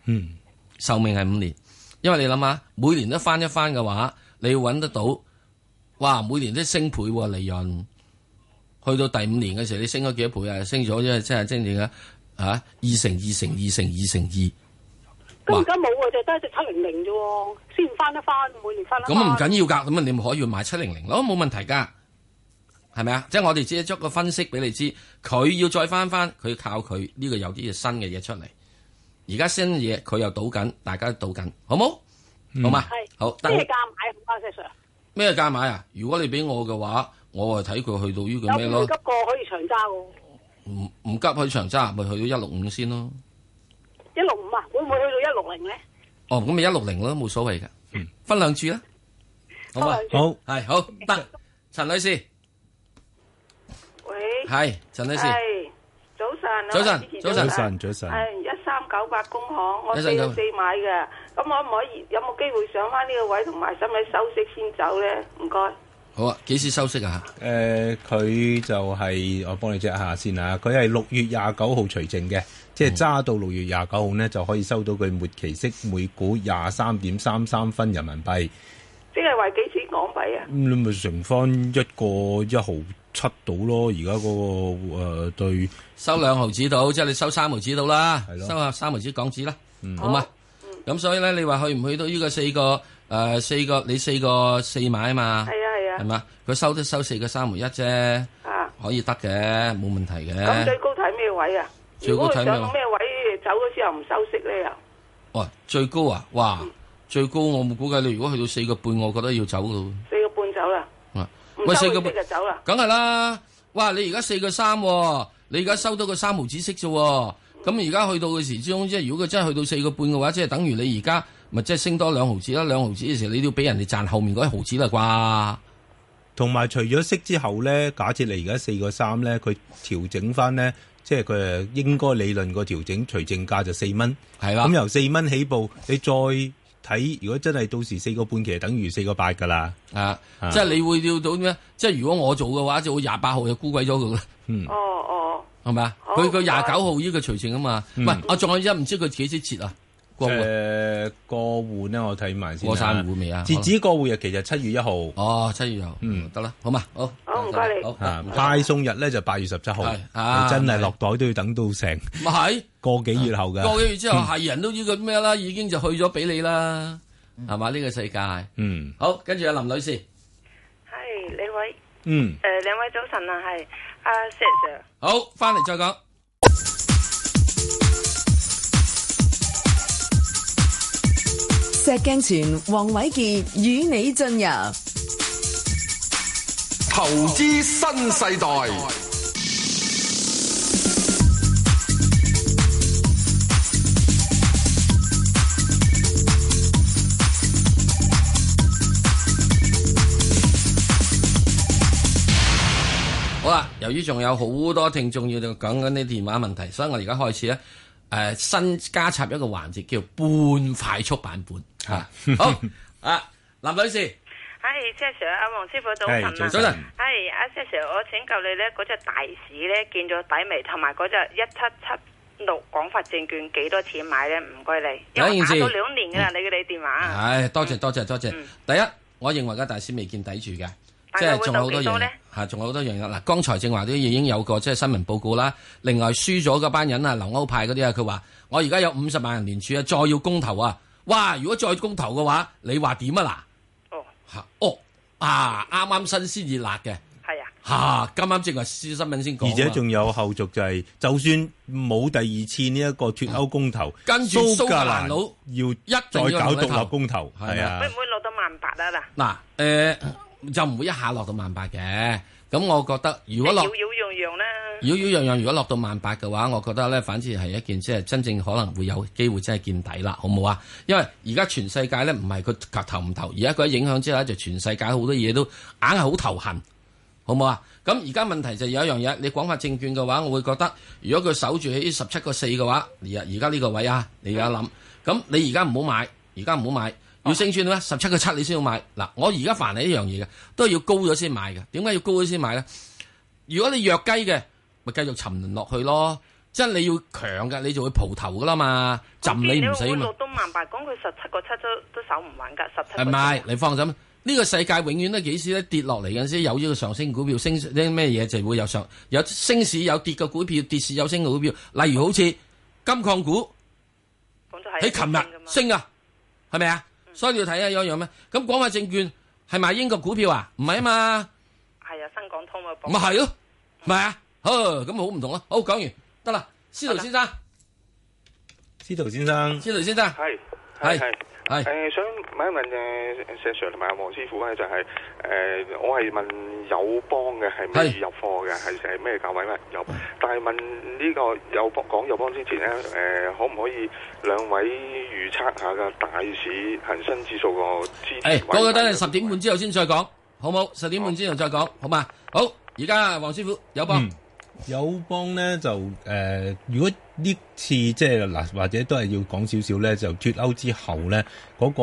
嗯，壽命係五年，年，年，因為你諗下，每年都翻一翻嘅話，你要揾得到？哇！每年都升倍喎、啊，利潤。去到第五年嘅時候，你升咗幾多倍啊？升咗即係即係真正啊！啊二乘二乘二乘二乘二。咁而家冇啊，就單只七零零啫，先翻得翻，每年翻得翻。咁唔緊要噶，咁啊，你咪可以買七零零咯，冇問題噶，係咪啊？即係我哋只係捉個分析俾你知，佢要再翻翻，佢靠佢呢個有啲嘢新嘅嘢出嚟。而家新嘢，佢又倒緊，大家都倒緊，好冇好嘛、嗯？好。咩價買先生？咩價買啊？如果你俾我嘅話。我係睇佢去到于佢咩咯？有冇急過可以長揸噶？唔唔急去長揸，咪去到一六五先咯。一六五啊？會唔會去到一六零咧？哦，咁咪一六零咯，冇所謂噶。嗯，分兩注啦。好啊。好係好得陳女士。喂。係陳女士。早晨。早晨。早晨。早晨。係一三九八工行，我四十四買嘅。一三九八。咁可唔可以有冇機會上翻呢個位？同埋使唔使收息先走咧？唔該。好啊，幾時收息啊？誒、呃，佢就係、是、我幫你 check 下先啊。佢係六月廿九號除淨嘅，即係揸到六月廿九號呢、嗯，就可以收到佢末期息每股廿三點三三分人民幣。即係話幾錢港幣啊？咁你咪乘翻一個一毫七到咯。而家嗰個誒、呃、對收兩毫子到，即係你收三毫子到啦。收下三毫子港紙啦、嗯。好嘛、啊，咁、嗯、所以咧，你話去唔去到呢個四個誒、呃、四個你四個四買啊嘛？係嘛？佢收得收四個三毫一啫，啊，可以得嘅，冇問題嘅。咁最高睇咩位啊？最高睇咩位？走嗰時又唔收息咧？喂，哇！最高啊！哇！最高我冇估計你，如果去到四個半，我覺得要走咯。四個半走啦？唔、啊、收息就走啦？梗係啦！哇！你而家四個三，哦，你而家收到個三毫子息啫，哦。咁而家去到嘅時之中，即係如果佢真係去到四個半嘅話，即係等於你而家咪即係升多兩毫子啦。兩毫子嘅時候，你都要俾人哋賺後面嗰一毫子啦啩？同埋除咗息之後咧，假設你而家四個三咧，佢調整翻咧，即係佢應該理論個調整除淨價就四蚊，係啦。咁、嗯、由四蚊起步，你再睇，如果真係到時四個半，其實等於四個八㗎啦。啊，即係你會料到咩？即係如果我做嘅話，就會廿八號就沽鬼咗佢啦。嗯，哦哦，係咪、嗯、啊？佢個廿九號呢個除淨啊嘛，唔係我仲有一唔知佢自己識折啊。誒、呃，過戶咧，我睇埋先。過晒戶未啊？截止過戶日期就七月一號。哦，七月一號，嗯，得啦，好嘛，oh,，好，好唔該你。好，派送日咧就八月十七號。係、啊、真係落袋都要等到成，咪係個幾月後嘅？個幾月之後係、嗯、人都知個咩啦？已經就去咗俾你啦，係、嗯、嘛？呢、這個世界，嗯，好，跟住阿林女士，係兩位，嗯，誒，兩位早晨啊，係阿、uh, Sir，, Sir 好，翻嚟再講。石鏡泉，黃偉傑與你進入投資新，新世代。好啦，由於仲有好多聽眾要就講緊啲電話問題，所以我而家開始咧，誒、呃，新加插一個環節，叫半快速版本。吓 好啊，林女士，係 S H 阿黃師傅早晨啊，係阿 S 我請教你咧，嗰、那、隻、個、大市咧見咗底未？同埋嗰隻一七七六廣發證券幾多錢買咧？唔該你，林女士，打咗兩年噶啦，你你電話啊、哎，多謝多謝多謝、嗯。第一，我認為而家大市未見底住嘅，即係仲有好多樣吓，仲有好多樣嘢。嗱，剛才正話都已經有個即係新聞報告啦。另外輸咗嗰班人啊，留歐派嗰啲啊，佢話我而家有五十萬人聯署啊，再要公投啊。哇！如果再公投嘅話，你話點啊嗱？哦，嚇，哦，啊，啱啱新鮮熱辣嘅，係啊，嚇，啱啱正話先新聞先講，而且仲有後續就係，就算冇第二次呢一個脱歐公投，跟住蘇格蘭佬要一再搞獨立公投，係啊，會唔會落到萬八啊嗱？嗱，誒，就唔會一下落到萬八嘅，咁我覺得如果落，擾擾攘攘咧。如果要樣樣，如果落到萬八嘅話，我覺得咧，反正係一件即係真正可能會有機會，真係見底啦，好唔好啊？因為而家全世界咧，唔係佢頭唔頭，而家佢影響之下就全世界好多嘢都硬係好頭痕，好唔好啊？咁而家問題就有一樣嘢，你廣發證券嘅話，我會覺得，如果佢守住喺十七個四嘅話，而家呢個位啊，你而家諗，咁你而家唔好買，而家唔好買，要升穿咩？十七個七你先要買嗱，我而家煩你一樣嘢嘅，都係要高咗先買嘅，點解要高咗先買呢？如果你弱雞嘅。繼續沉淪落去咯，即係你要強噶，你就會蒲頭噶啦嘛，浸你唔死。見到匯綠東萬八講佢十七個七都都守唔穩噶，實係咪？你放心，呢個世界永遠都幾時都跌落嚟嘅，先有呢個上升股票升啲咩嘢，就會有上有升市有跌嘅股票，跌市有升嘅股票。例如好似金礦股，喺琴日升啊，係咪啊？所以你要睇啊，有一樣咩？咁廣發證券係賣英國股票啊？唔係啊嘛？係啊，新港通啊，唔係咯，咪啊？哦，咁好唔同啦。好講完得啦，司徒先生，司徒先生，司徒先生係系系，誒、呃，想問一問誒，石 Sir 同埋阿黃師傅咧，就係、是、誒、呃，我係問友邦嘅係咪入貨嘅，系係咩價位咧？友邦，但係問呢、這個友邦講友邦之前咧，誒、呃，可唔可以兩位預測下嘅大市恒生指數、欸那個支？我覺得等十點半之後先再講，好冇？十點半之後再講，好嘛？好，而家黃師傅，友邦。嗯有邦咧就誒、呃，如果呢次即係嗱，或者都係要講少少咧，就脱歐之後咧，嗰、那個、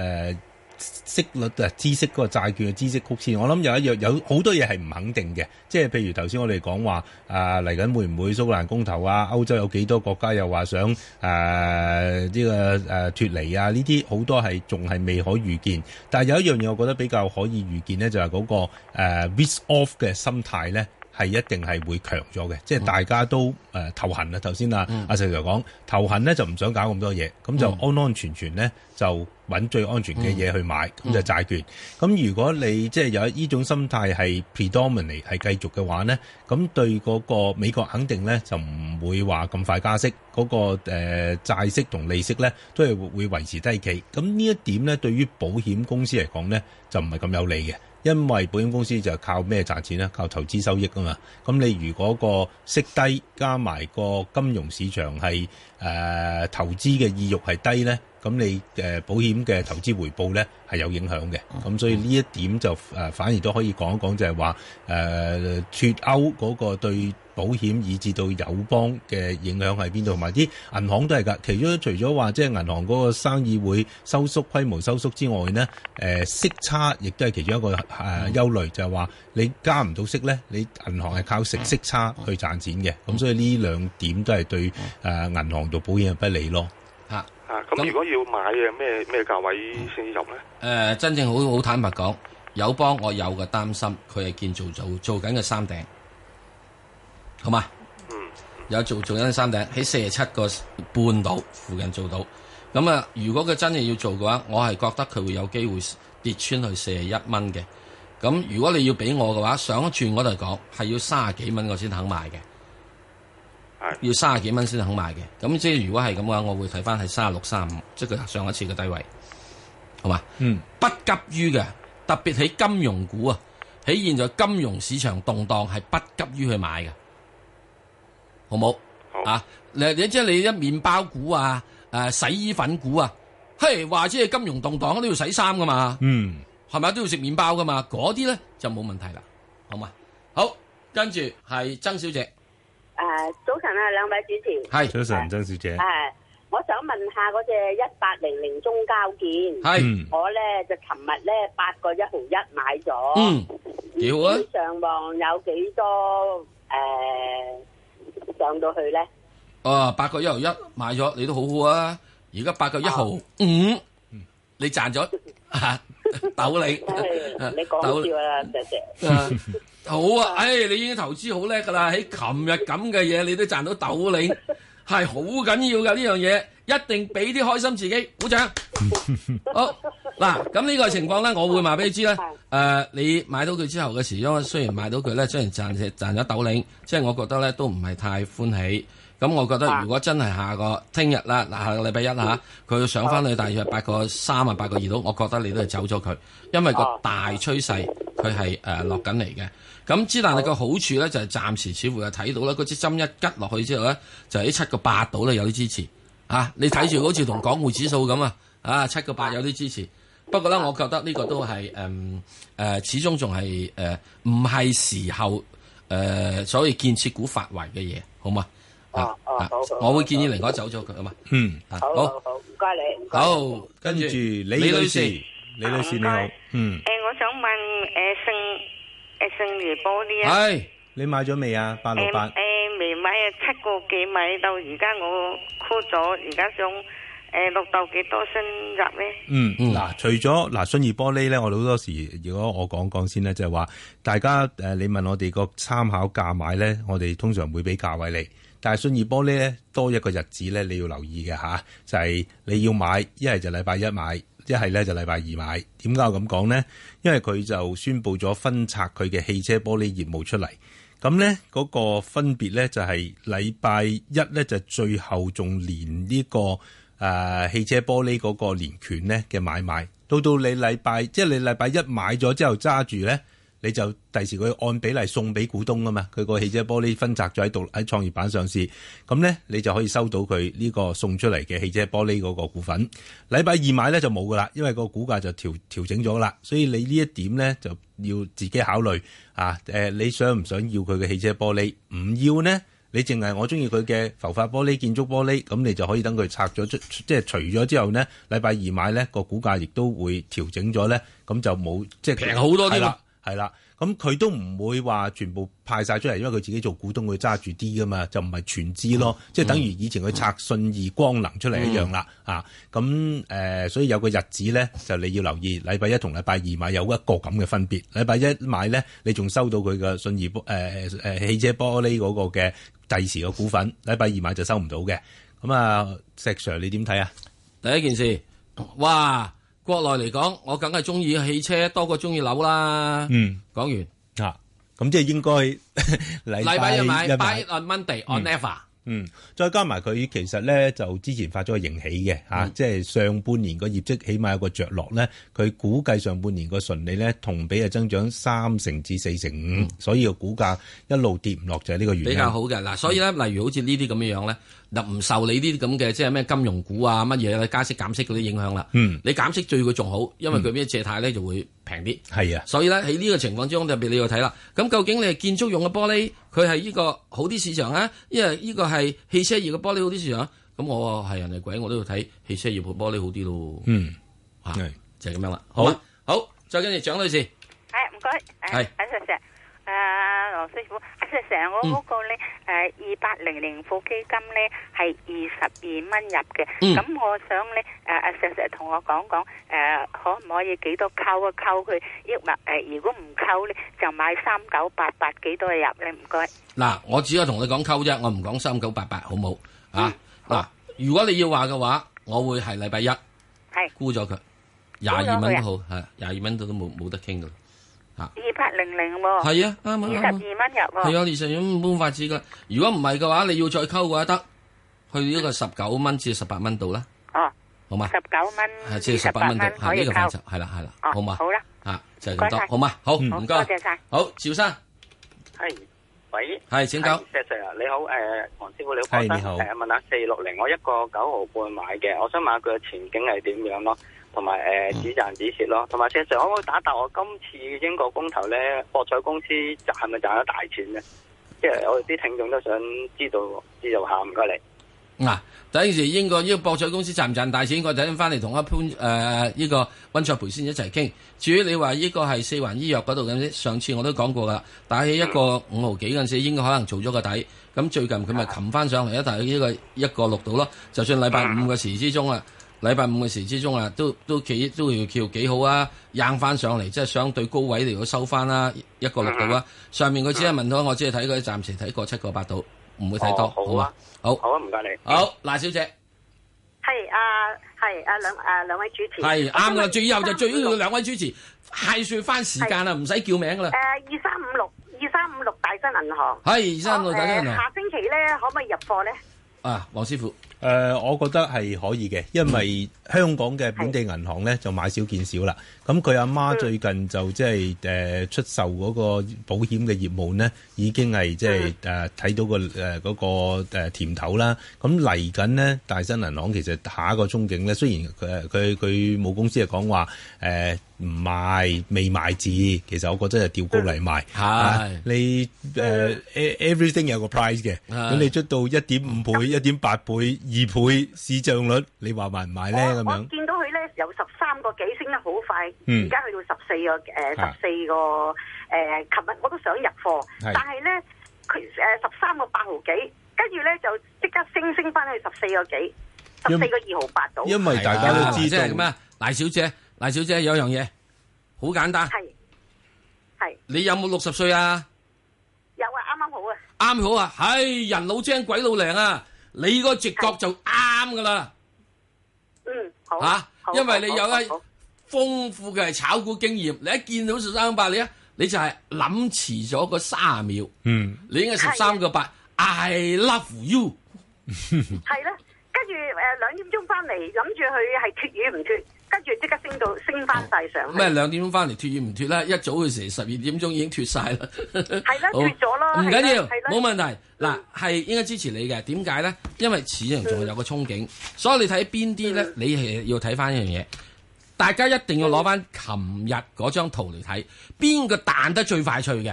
呃、息率啊、孳息嗰個債券嘅孳息曲線，我諗有一樣有好多嘢係唔肯定嘅，即係譬如頭先我哋講話啊嚟緊會唔會蘇格蘭公投啊？歐洲有幾多國家又話想誒呢、呃這個誒脱、呃、離啊？呢啲好多係仲係未可預見。但係有一樣嘢，我覺得比較可以預見咧，就係、是、嗰、那個 risk off 嘅心態咧。係一定係會強咗嘅，即係大家都誒、呃、頭痕啦頭先啊，阿、嗯啊、石就講頭痕咧就唔想搞咁多嘢，咁、嗯、就安安全全咧就揾最安全嘅嘢去買，咁、嗯、就債券。咁、嗯、如果你即係有呢種心態係 predominantly 係繼續嘅話咧，咁對嗰個美國肯定咧就唔會話咁快加息，嗰、那個誒、呃、債息同利息咧都係會維持低企。咁呢一點咧對於保險公司嚟講咧就唔係咁有利嘅。因為保險公司就靠咩賺錢呢？靠投資收益噶嘛。咁你如果個息低，加埋個金融市場係，呃，投資嘅意欲係低呢？咁你誒保險嘅投資回報咧係有影響嘅，咁所以呢一點就、呃、反而都可以講一講就，就係話誒脫歐嗰個對保險以至到友邦嘅影響喺邊度，同埋啲銀行都係㗎。其中除咗話即係銀行嗰個生意會收縮、規模收縮之外咧，誒、呃、息差亦都係其中一個誒、呃、憂慮，就係、是、話你加唔到息咧，你銀行係靠食息差去賺錢嘅，咁所以呢兩點都係對誒、呃、銀行做保險不利咯。咁如果要買嘅咩咩價位先入咧？誒、嗯呃，真正好好坦白講，友邦我有嘅擔心，佢係建造做做緊嘅三頂，好嘛、嗯？嗯，有做做緊嘅三頂喺四十七個半島附近做到。咁、嗯、啊、呃，如果佢真係要做嘅話，我係覺得佢會有機會跌穿去四十一蚊嘅。咁如果你要俾我嘅話，上一轉我嚟講係要三十幾蚊我先肯買嘅。要三十幾蚊先肯買嘅，咁即係如果係咁嘅話，我會睇翻係三十六、三十五，即係佢上一次嘅低位，好嘛？嗯，不急於嘅，特別喺金融股啊，喺現在金融市場動蕩係不急於去買嘅，好冇？好啊，你、就是、你即係你啲麵包股啊，誒、啊、洗衣粉股啊，嘿，或者係金融動蕩都要洗衫噶嘛？嗯，係咪都要食麵包噶嘛？嗰啲咧就冇問題啦，好嘛？好，跟住係曾小姐。誒，早晨啊，兩位主持人，係早晨，曾小姐，係，我想問下嗰隻一八零零中交建，係，我咧就尋日咧八個一毫一買咗，嗯，屌啊，上望有幾多誒上到去咧？哦，八個一毫一買咗，你都好好啊，而家八個一毫五，嗯，你賺咗啊？斗領，你講笑、啊啊、好啊，哎，你已經投資好叻噶啦，喺琴日咁嘅嘢，你都賺到斗領，係好緊要噶呢樣嘢，一定俾啲開心自己，鼓掌。好嗱，咁、啊、呢個情況咧，我會話俾你知啦。誒、啊，你買到佢之後嘅時，因雖然買到佢咧，雖然賺賺咗斗領，即係我覺得咧，都唔係太歡喜。咁、嗯、我覺得，如果真係下個聽日啦，嗱下個禮拜一吓，佢、啊、上翻去大約八個三啊，八個二度，我覺得你都係走咗佢，因為個大趨勢佢係落緊嚟嘅。咁之、呃嗯、但係個好處咧，就係、是、暫時似乎係睇到呢嗰支針一拮落去之後咧，就喺七個八度咧有啲支持啊。你睇住好似同港匯指數咁啊，啊七個八有啲支持。不過咧，我覺得呢個都係誒、嗯呃、始終仲係誒唔係時候誒、呃，所謂建設股發圍嘅嘢好嘛？啊，我、啊啊、我會建議另外走咗佢啊嘛。嗯，好，好，唔該你，你，好跟住李女士，李女士，李女士你好，啊、嗯，誒、嗯，我想問誒，信、呃、誒，信義、呃、玻璃啊，係你買咗未、嗯呃呃嗯嗯嗯、啊？八六八誒，未買啊，七個幾米到而家我 cut 咗，而家想誒六到幾多升入咧？嗯嗯，嗱，除咗嗱，信義玻璃咧，我哋好多時如果我講講先咧，就係、是、話大家誒、啊，你問我哋個參考價買咧，我哋通常會俾價位你。但係信義玻璃咧，多一個日子咧，你要留意嘅吓，就係你要買，一係就禮拜一買，一係咧就禮拜二買。點解我咁講呢？因為佢就宣布咗分拆佢嘅汽車玻璃業務出嚟。咁呢嗰個分別呢，就係禮拜一呢就最後仲連呢個誒汽車玻璃嗰個連權呢嘅買賣。到到你禮拜即係你禮拜一買咗之後揸住呢。你就第時佢按比例送俾股東啊嘛，佢個汽車玻璃分拆咗喺度喺創業板上市，咁咧你就可以收到佢呢個送出嚟嘅汽車玻璃嗰個股份。禮拜二買咧就冇噶啦，因為個股價就調調整咗啦，所以你呢一點咧就要自己考慮啊。誒，你想唔想要佢嘅汽車玻璃？唔要呢，你淨係我中意佢嘅浮法玻璃、建築玻璃，咁你就可以等佢拆咗，即係除咗之後呢，禮拜二買咧個股價亦都會調整咗咧，咁就冇即係平好多啲啦。係啦，咁佢都唔會話全部派晒出嚟，因為佢自己做股東，佢揸住啲噶嘛，就唔係全資咯、嗯，即係等於以前佢拆信義光能出嚟一樣啦、嗯。啊，咁誒、呃，所以有個日子咧，就你要留意，禮拜一同禮拜二買有一個咁嘅分別。禮拜一買咧，你仲收到佢嘅信義誒、呃、汽車玻璃嗰個嘅第時嘅股份，禮拜二買就收唔到嘅。咁啊、呃，石 Sir 你點睇啊？第一件事，哇！國內嚟講，我梗係鍾意汽車多過鍾意樓啦。嗯，講完啊，咁即係應該禮 拜一買八萬蚊地 on, Monday, on、嗯、ever。嗯，再加埋佢其實咧，就之前發咗個盈喜嘅嚇、啊嗯，即係上半年個業績起碼有個着落咧。佢估計上半年個純利咧同比係增長三成至四成五、嗯，所以個股價一路跌唔落就係呢個原因。比較好嘅嗱，所以咧，例如好似呢啲咁樣咧，就、嗯、唔受你啲咁嘅即係咩金融股啊乜嘢加息減息嗰啲影響啦。嗯，你減息對佢仲好，因為佢啲借貸咧、嗯、就會。平啲，係啊，所以咧喺呢個情況之中特別你要睇啦。咁究竟你係建築用嘅玻璃，佢係呢個好啲市場啊？因為呢個係汽車業嘅玻璃好啲市場。咁我係人哋鬼，我都要睇汽車業嘅玻璃好啲咯。嗯，係、啊、就係、是、咁樣啦。好啦好，好，再跟住蔣女士。係唔該，係，唔誒，羅師傅，其實成我嗰個咧，誒，二八零零富基金咧係二十二蚊入嘅，咁我想咧，誒，阿石石同我講講，誒，可唔可以幾多溝一溝佢？抑或誒，如果唔溝咧，就買三九八八幾多入？你唔該。嗱，我只係同你講溝啫，我唔講三九八八，好唔好？啊，嗱，如果你要話嘅話，我會係禮拜一沽咗佢廿二蚊都好，係廿二蚊都都冇冇得傾噶。啊，二八零零喎，係啊，啱啱二十二蚊入喎，係啊，二十二蚊半塊紙噶。如果唔係嘅話，你要再溝嘅話得，去一個十九蚊至十八蚊度啦。哦，好嘛，十九蚊至十八蚊度，呢個範疇，係啦，係啦，好嘛，好啦，啊，就係咁多，好嘛，好唔該，多謝晒，好，趙生，係，喂，係，請講，謝謝啊，你好，誒，黃師傅你好，你好，誒，問下四六零，我一個九毫半買嘅，我想問下佢嘅前景係點樣咯？同埋誒止賺止蝕咯，同埋正常。可唔可以打達我今次英國公投咧，博彩公司賺咪賺咗大錢咧？因為我哋啲聽眾都想知道，知道下唔該你嗱。啊、第一件事，英國呢、呢個博彩公司賺唔賺大錢，我等陣翻嚟同阿潘誒呢個温卓培先一齊傾。至於你話呢個係四環醫藥嗰度嘅，上次我都講過啦，打起一個五毫幾陣時應該可能做咗個底。咁最近佢咪擒翻上嚟一大呢個、啊、一個六度咯。就算禮拜五嘅時之中啊～啊禮拜五嘅時之中啊，都都企都要叫幾好啊，硬翻上嚟，即係相對高位嚟果，收翻啦，一個六度啊。上面我只係問到，我只係睇佢暫時睇過七個八度，唔會睇多，好啊好，好啊，唔該你。好，賴小姐，係啊，係啊，兩啊兩位主持，係啱噶啦。最後就最緊要兩位主持，係算翻時間啦，唔使叫名噶啦。誒、哦，二三五六，二三五六，大新銀行。係二三五六，大新銀行。下星期咧，可唔可以入貨咧？啊，黃師傅。誒、呃，我覺得係可以嘅，因為香港嘅本地銀行咧就買少見少啦。咁佢阿媽最近就即係誒出售嗰個保險嘅業務呢，已經係即係誒睇到個誒嗰、呃嗰個甜頭啦。咁嚟緊呢，大新銀行其實下一個憧憬咧，雖然佢佢佢母公司係講話誒。呃唔賣未賣字，其實我覺得係調高嚟賣。係你誒，every everything 有個 price 嘅。咁你出到一點五倍、一點八倍、二倍市賬率，你話買唔買咧？咁樣見到佢咧，由十三個幾升得好快，而家去到十四個誒十四個誒。琴日我都想入貨，但係咧佢誒十三個八毫幾，跟住咧就即刻升升翻去十四個幾，十四個二毫八度。因為大家都知即係咩，賴小姐。大小姐有樣嘢好簡單，係係你有冇六十歲啊？有啊，啱啱好啊！啱好啊！唉，人老精鬼老靈啊！你個直覺就啱噶啦。嗯，好啊，因為你有呢豐富嘅炒股經驗，你一見到十三個八，你啊你就係諗遲咗個三十秒。嗯，你應該十三個八。I love you。係啦，跟住誒兩點鐘翻嚟諗住佢係脫與唔脫？跟住即刻升到升翻晒上，咩兩點鐘翻嚟脱與唔脱啦？一早嘅時十二點鐘已經脱晒啦，係啦，脱咗咯，唔緊要，冇問題。嗱，係應該支持你嘅，點解咧？因為市場仲有個憧憬，嗯、所以你睇邊啲咧，你係要睇翻一樣嘢。大家一定要攞翻琴日嗰張圖嚟睇，邊個彈得最快脆嘅？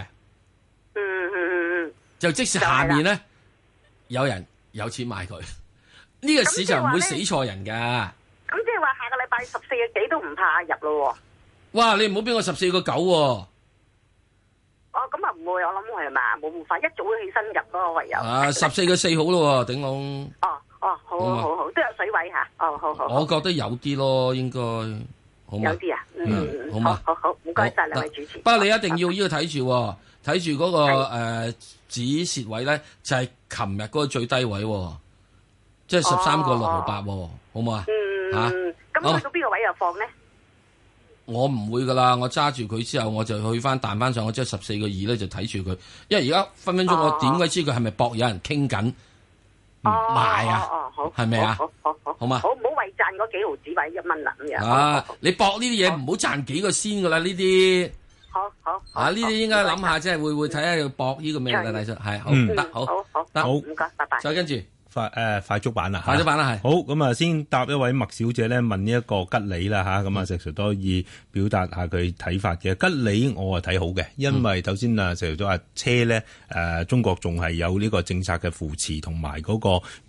嗯嗯嗯嗯，就即使下面咧、就是，有人有錢買佢，呢、這個市場唔會死錯人噶。嗯嗯十四個幾都唔怕入咯、哦，哇！你唔好俾我十四個九喎、哦。哦，咁啊唔會，我諗係嘛，冇辦法，一早起身入咯唯有。啊，十四個四好咯，頂籠。哦哦，好好好，好，好，好，都有水位吓，哦好好。我覺得有啲咯，應該。有啲啊，嗯，好好好，唔該晒兩位主持。不過你一定要呢個睇住，睇住嗰個誒止蝕位咧，就係琴日嗰個最低位、哦，即係十三個、哦、六毫八、哦，好唔好啊？嗯嗯，咁去到邊個位又放呢？我唔會噶啦，我揸住佢之後，我就去翻彈翻上我即係十四個二咧，就睇住佢。因為而家分分鐘我點鬼知佢係咪博有人傾緊，唔、哦、賣啊？哦，係咪啊、哦哦哦哦好嗎？好，係咪、哦、啊？好好好，好好唔好為賺嗰幾毫子或者一蚊銀啊？啊，你博呢啲嘢唔好賺幾個先噶啦，呢啲。好，好。啊，呢啲應該諗下，即係會唔會睇下要博呢個咩嘅大叔？係、嗯嗯，好得、嗯，好，好好，得，唔該，拜拜。再跟住。快誒快足版啦快足版啦係。好咁啊，先答一位麥小姐咧問呢一個吉利啦吓，咁啊石 Sir 都可以表達下佢睇法嘅。吉利我係睇好嘅，因為頭先啊石 Sir 都話車咧誒，中國仲係有呢個政策嘅扶持同埋嗰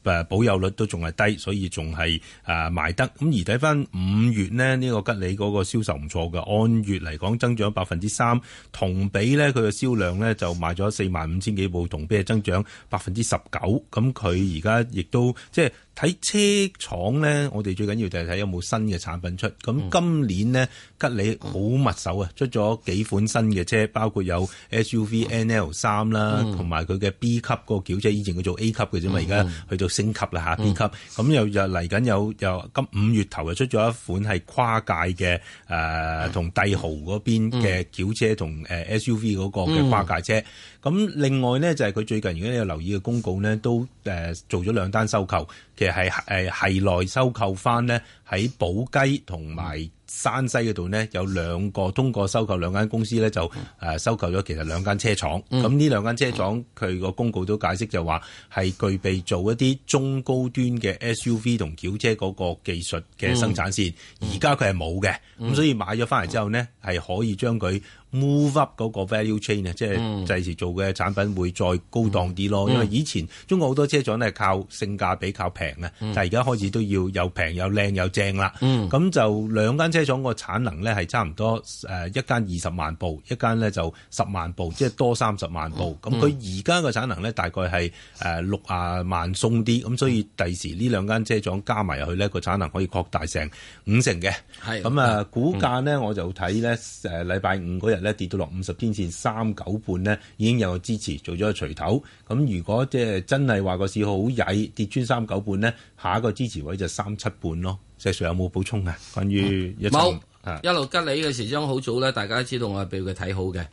個誒保有率都仲係低，所以仲係誒賣得。咁而睇翻五月呢，呢呢個吉利嗰個銷售唔錯嘅，按月嚟講增長百分之三，同比咧佢嘅銷量咧就賣咗四萬五千幾部，同比係增長百分之十九。咁佢而家啊，亦都即係，睇車廠咧，我哋最緊要就係睇有冇新嘅產品出。咁今年呢，吉利好密手啊，出咗幾款新嘅車，包括有 SUV N L 三啦，同埋佢嘅 B 級嗰個轎車，以前佢做 A 級嘅啫嘛，而家去到升級啦吓 B 級。咁又又嚟緊有又今五月頭又出咗一款係跨界嘅誒，同、呃、帝豪嗰邊嘅轎車同 SUV 嗰個嘅跨界車。咁另外呢，就係佢最近而家有留意嘅公告呢，都做咗兩單收購。即係誒係內收購翻咧，喺寶雞同埋，山西嗰度咧有兩個通過收購兩間公司咧就誒收購咗其實兩間車廠，咁呢兩間車廠佢個公告都解釋就話係具備做一啲中高端嘅 SUV 同轎車嗰個技術嘅生產線，而家佢係冇嘅，咁、嗯、所以買咗翻嚟之後咧係、嗯、可以將佢 move up 嗰個 value chain 啊，即係第時做嘅產品會再高檔啲咯，因為以前中國好多車廠咧係靠性價比靠平嘅，但係而家開始都要又平又靚又正啦，咁、嗯、就兩間車。遮廠個產能咧係差唔多誒，一間二十萬部，一間咧就十萬部，即係多三十萬部。咁佢而家個產能咧大概係誒六啊萬鬆啲，咁、嗯、所以第時呢兩間車廠加埋去咧個產能可以擴大成五成嘅。係咁、嗯、啊，股價咧我就睇咧誒，禮拜五嗰日咧跌到落五十天線三九半咧，3, 9, 已經有個支持，做咗個錘頭。咁如果即係真係話個市好曳，跌穿三九半咧，下一個支持位就三七半咯。謝 Sir 有冇補充嘅？關於一冇，嗯、一路吉利嘅個時鐘好早咧，大家都知道我係畀佢睇好嘅。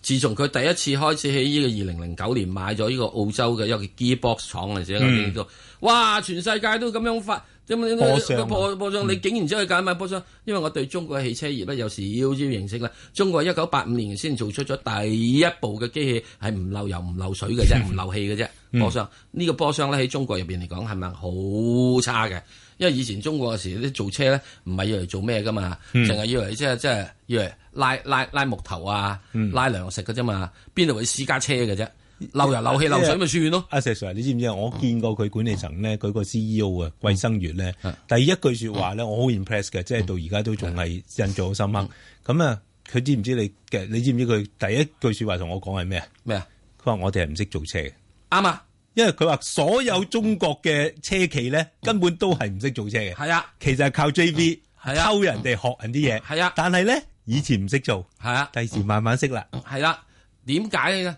自從佢第一次開始喺呢個二零零九年買咗呢個澳洲嘅一個 Gearbox 廠嘅時候、嗯，哇！全世界都咁樣發，咁樣波箱，波波箱你竟然走去揀買波箱、嗯？因為我對中國嘅汽車業咧，有時要要認識咧。中國一九八五年先做出咗第一部嘅機器係唔漏油、唔漏水嘅啫，唔、嗯、漏氣嘅啫。波箱呢、嗯，這個波箱咧喺中國入邊嚟講，係咪好差嘅？因為以前中國嘅時啲做車咧，唔係要嚟做咩噶嘛，淨係要嚟即係即係要嚟拉拉拉木頭啊，嗯、拉糧食嘅啫嘛，邊度會私家車嘅啫？漏油漏氣漏水咪算咯。阿、啊啊、Sir，你知唔知啊？我見過佢管理層咧，佢、嗯、個 CEO 啊，魏生月咧，嗯嗯、第一句説話咧，我好 impress 嘅，即係到而家都仲係印象好深刻。咁、嗯嗯嗯、啊，佢知唔知你嘅？你知唔知佢第一句説話同我講係咩啊？咩啊麼？佢話我哋係唔識做車嘅。啱啊！因為佢話所有中國嘅車企咧，根本都係唔識做車嘅。係啊，其實係靠 J.V. 偷人哋學人啲嘢。係啊，但係咧以前唔識做，係啊，第時慢慢識啦。係啦，點解咧？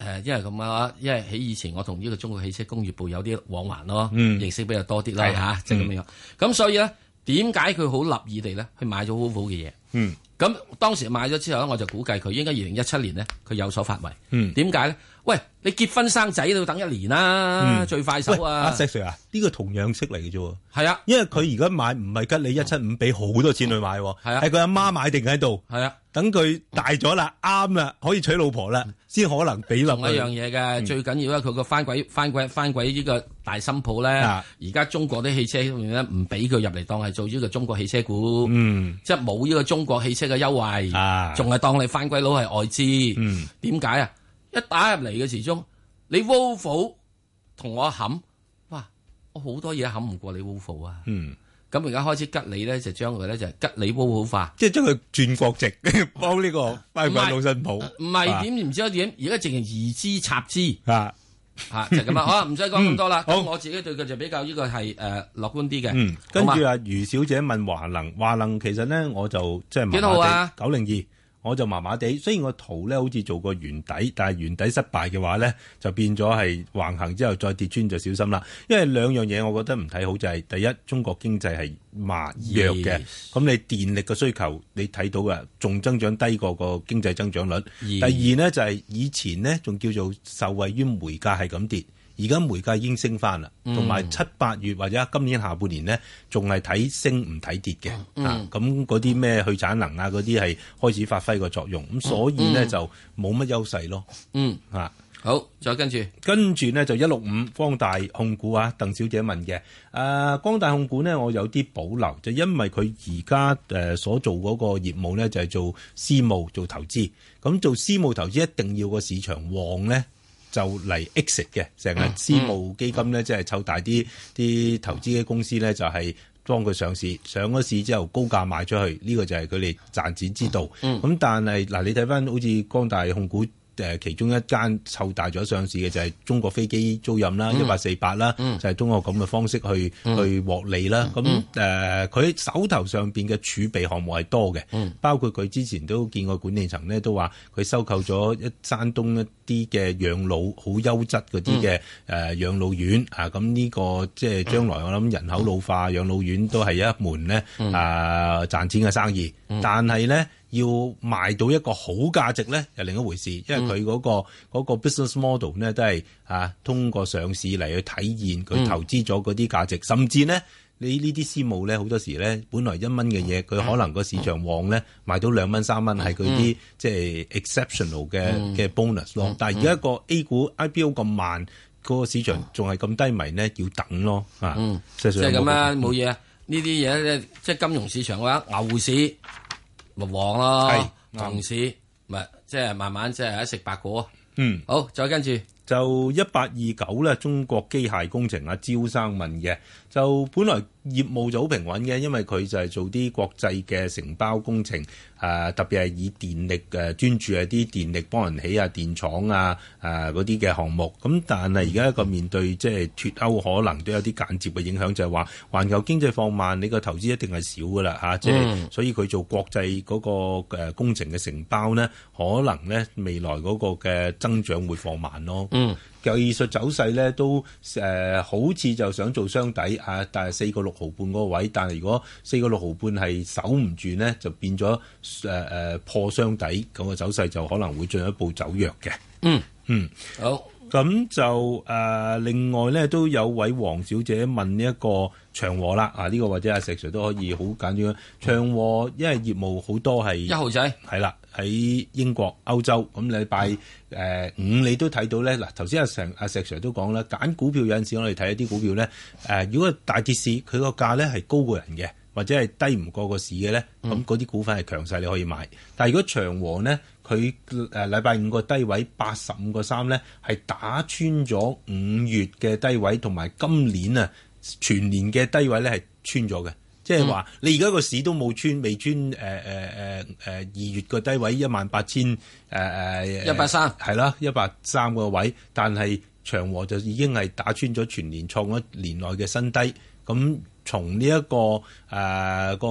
誒，因為咁樣啊，因為喺以前我同呢個中國汽車工業部有啲往還咯，認、嗯、識比較多啲啦吓，即係咁樣。咁、嗯、所以咧，點解佢好立意地咧去買咗好好嘅嘢？嗯，咁當時買咗之後咧，我就估計佢應該二零一七年咧，佢有所發圍。嗯，點解咧？喂，你結婚生仔都要等一年啦，最快手啊！阿 Sir 啊，呢個同樣式嚟嘅啫。係啊，因為佢而家買唔係吉利一七五，俾好多錢去買，係佢阿媽買定喺度。係啊，等佢大咗啦，啱啦，可以娶老婆啦，先可能俾落去。仲一樣嘢嘅，最緊要咧，佢個翻鬼翻鬼翻鬼呢個大新抱咧，而家中國啲汽車方面唔俾佢入嚟當係做呢個中國汽車股，即係冇呢個中國汽車嘅優惠，仲係當你翻鬼佬係外資。點解啊？一打入嚟嘅時鐘，你 Wolf 同我冚，哇！我好多嘢冚唔過你 Wolf 啊。嗯。咁而家開始吉你咧，就將佢咧就吉你 Wolf 化，即係將佢轉國籍， 幫呢、這個拜拜、這個、老新抱。唔係點唔知點？而家淨係移資插資啊！嚇、啊、就咁啦，嚇唔使講咁多啦。咁、嗯、我自己對佢就比較呢、這個係誒樂觀啲嘅、嗯。跟住阿、啊、余小姐問華能，華能其實咧我就即係幾多號啊？九零二。我就麻麻地，雖然個圖咧好似做個圓底，但係圓底失敗嘅話咧，就變咗係橫行之後再跌穿就小心啦。因為兩樣嘢我覺得唔睇好就係第一，中國經濟係麻弱嘅，咁、yes. 你電力嘅需求你睇到噶，仲增長低過個經濟增長率。Yes. 第二呢，就係、是、以前呢，仲叫做受惠於煤價係咁跌。而家煤價已經升翻啦，同埋七八月或者今年下半年呢，仲係睇升唔睇跌嘅。啊，咁嗰啲咩去產能啊，嗰啲係開始發揮個作用，咁所以呢，就冇乜優勢咯。嗯，好，再跟住，跟住呢就一六五光大控股啊，鄧小姐問嘅。啊，光大控股呢，我有啲保留，就因為佢而家誒所做嗰個業務呢，就係做私募做投資。咁做私募投資一定要個市場旺呢。就嚟 exit 嘅，成日私募基金咧，即係湊大啲啲投資嘅公司咧，就係幫佢上市，上咗市之後高價賣出去，呢、這個就係佢哋賺錢之道。咁、嗯嗯嗯、但係嗱，你睇翻好似光大控股。誒其中一間湊大咗上市嘅就係中國飛機租賃啦，一八四八啦，就係、是、通過咁嘅方式去、嗯、去獲利啦。咁、嗯、誒，佢、嗯呃、手頭上邊嘅儲備項目係多嘅、嗯，包括佢之前都見過管理層呢都話佢收購咗一山東一啲嘅養老好優質嗰啲嘅誒養老院、嗯、啊。咁呢個即係將來我諗人口老化、嗯、養老院都係一門呢、嗯、啊賺錢嘅生意，嗯、但係呢。要賣到一個好價值咧，又另一回事，因為佢嗰、嗰個嗰個 business model 咧，都係啊，通過上市嚟去體現佢投資咗嗰啲價值、嗯，甚至呢，你呢啲私募咧，好多時咧，本來一蚊嘅嘢，佢可能個市場旺咧，賣、嗯嗯、到兩蚊三蚊，係佢啲即係 exceptional 嘅嘅、嗯、bonus 咯。但係而家個 A 股 IPO 咁慢，嗰、嗰個市場仲係咁低迷咧，要等咯啊。嗯、咁樣啊有有這即係咁啦，冇嘢。呢啲嘢即係金融市場嘅話，牛市。咪黃咯，同時咪，即係慢慢即係一食白果啊。嗯，好，再跟住就一八二九咧，中國機械工程啊，招生問嘅。就本來業務就好平穩嘅，因為佢就係做啲國際嘅承包工程，誒、呃、特別係以電力誒、呃、專注一啲電力幫人起啊電廠啊誒嗰啲嘅項目。咁但係而家一個面對即係脫歐，可能都有啲間接嘅影響，就係話環球經濟放慢，你個投資一定係少噶啦嚇。即係所以佢做國際嗰個工程嘅承包呢，可能呢未來嗰個嘅增長會放慢咯。嗯技術走勢咧都誒、呃，好似就想做雙底啊，但係四個六毫半嗰個位，但係如果四個六毫半係守唔住呢，就變咗誒、呃、破雙底咁、嘅走勢，就可能會進一步走弱嘅。嗯嗯，嗯，好。咁就誒、呃，另外呢，都有位黃小姐問呢一個長和啦，啊呢、這個或者阿石 Sir 都可以好簡短。長、嗯、和因為業務好多係一毫仔，係啦。喺英國、歐洲，咁禮拜誒五你都睇到咧。嗱，頭先阿成、阿石 Sir 都講啦，揀股票有陣時我哋睇一啲股票咧。誒，如果大跌市，佢個價咧係高過人嘅，或者係低唔過個市嘅咧，咁嗰啲股份係強勢，你可以買。但係如果長和呢，佢誒禮拜五個低位八十五個三咧，係打穿咗五月嘅低位同埋今年啊全年嘅低位咧，係穿咗嘅。即係話，你而家個市都冇穿，未穿誒誒誒二月個低位一萬八千誒誒，一百三係啦，一百三個位，但係長和就已經係打穿咗全年創咗年內嘅新低，咁。從呢一個誒個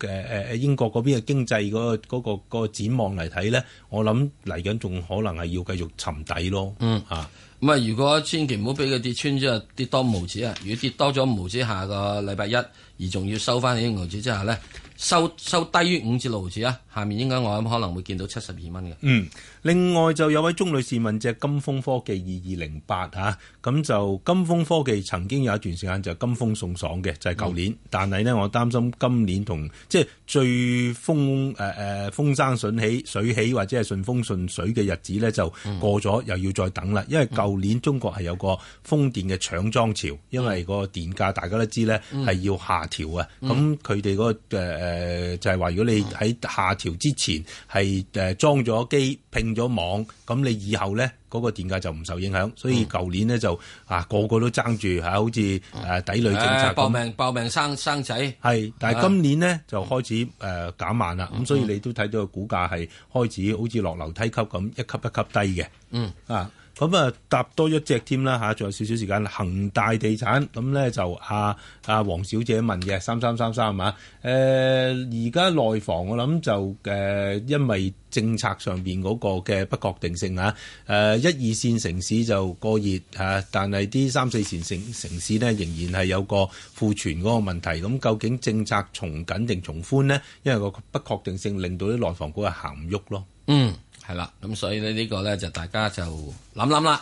嘅誒誒英國嗰邊嘅經濟嗰嗰個展望嚟睇咧，我諗嚟緊仲可能係要繼續沉底咯。嗯啊，咁啊，如果千祈唔好俾佢跌穿咗跌多五毫紙啊！如果跌多咗五毫紙下個禮拜一，而仲要收翻起五毫紙之下咧，收收低於五至六毫紙啊！下面應該我諗可能會見到七十二蚊嘅。嗯，另外就有位中女士問隻金風科技二二零八嚇，咁就金風科技曾經有一段時間就是金風送爽嘅。就係、是、舊年，嗯、但係咧，我擔心今年同即係最風誒誒、呃、風生順起水起或者係順風順水嘅日子咧，就過咗、嗯、又要再等啦。因為舊年中國係有個風電嘅搶裝潮，因為個電價大家都知咧係要下調啊。咁佢哋嗰個、呃、就係話，如果你喺下調之前係誒裝咗機拼咗網，咁你以後咧。嗰、那個電價就唔受影響，所以舊年呢，就啊個個都爭住嚇，好似誒、啊、底屢政策咁，搏、哎、命搏命生生仔，係。但係今年呢、嗯、就開始誒、呃、減慢啦，咁所以你都睇到個股價係開始好似落樓梯級咁，一級一級低嘅，嗯啊。咁啊，搭多一隻添啦吓，仲有少少時間。恒大地產咁咧就啊啊黃小姐問嘅三三三三係嘛？誒而家內房我諗就誒、啊，因為政策上面嗰個嘅不確定性嚇誒、啊，一二線城市就過熱啊，但係啲三四線城城市呢，仍然係有個庫存嗰個問題。咁究竟政策從緊定從寬呢？因為個不確定性令到啲內房股係行唔喐咯。嗯。係啦，咁所以咧呢個咧就大家就諗諗啦。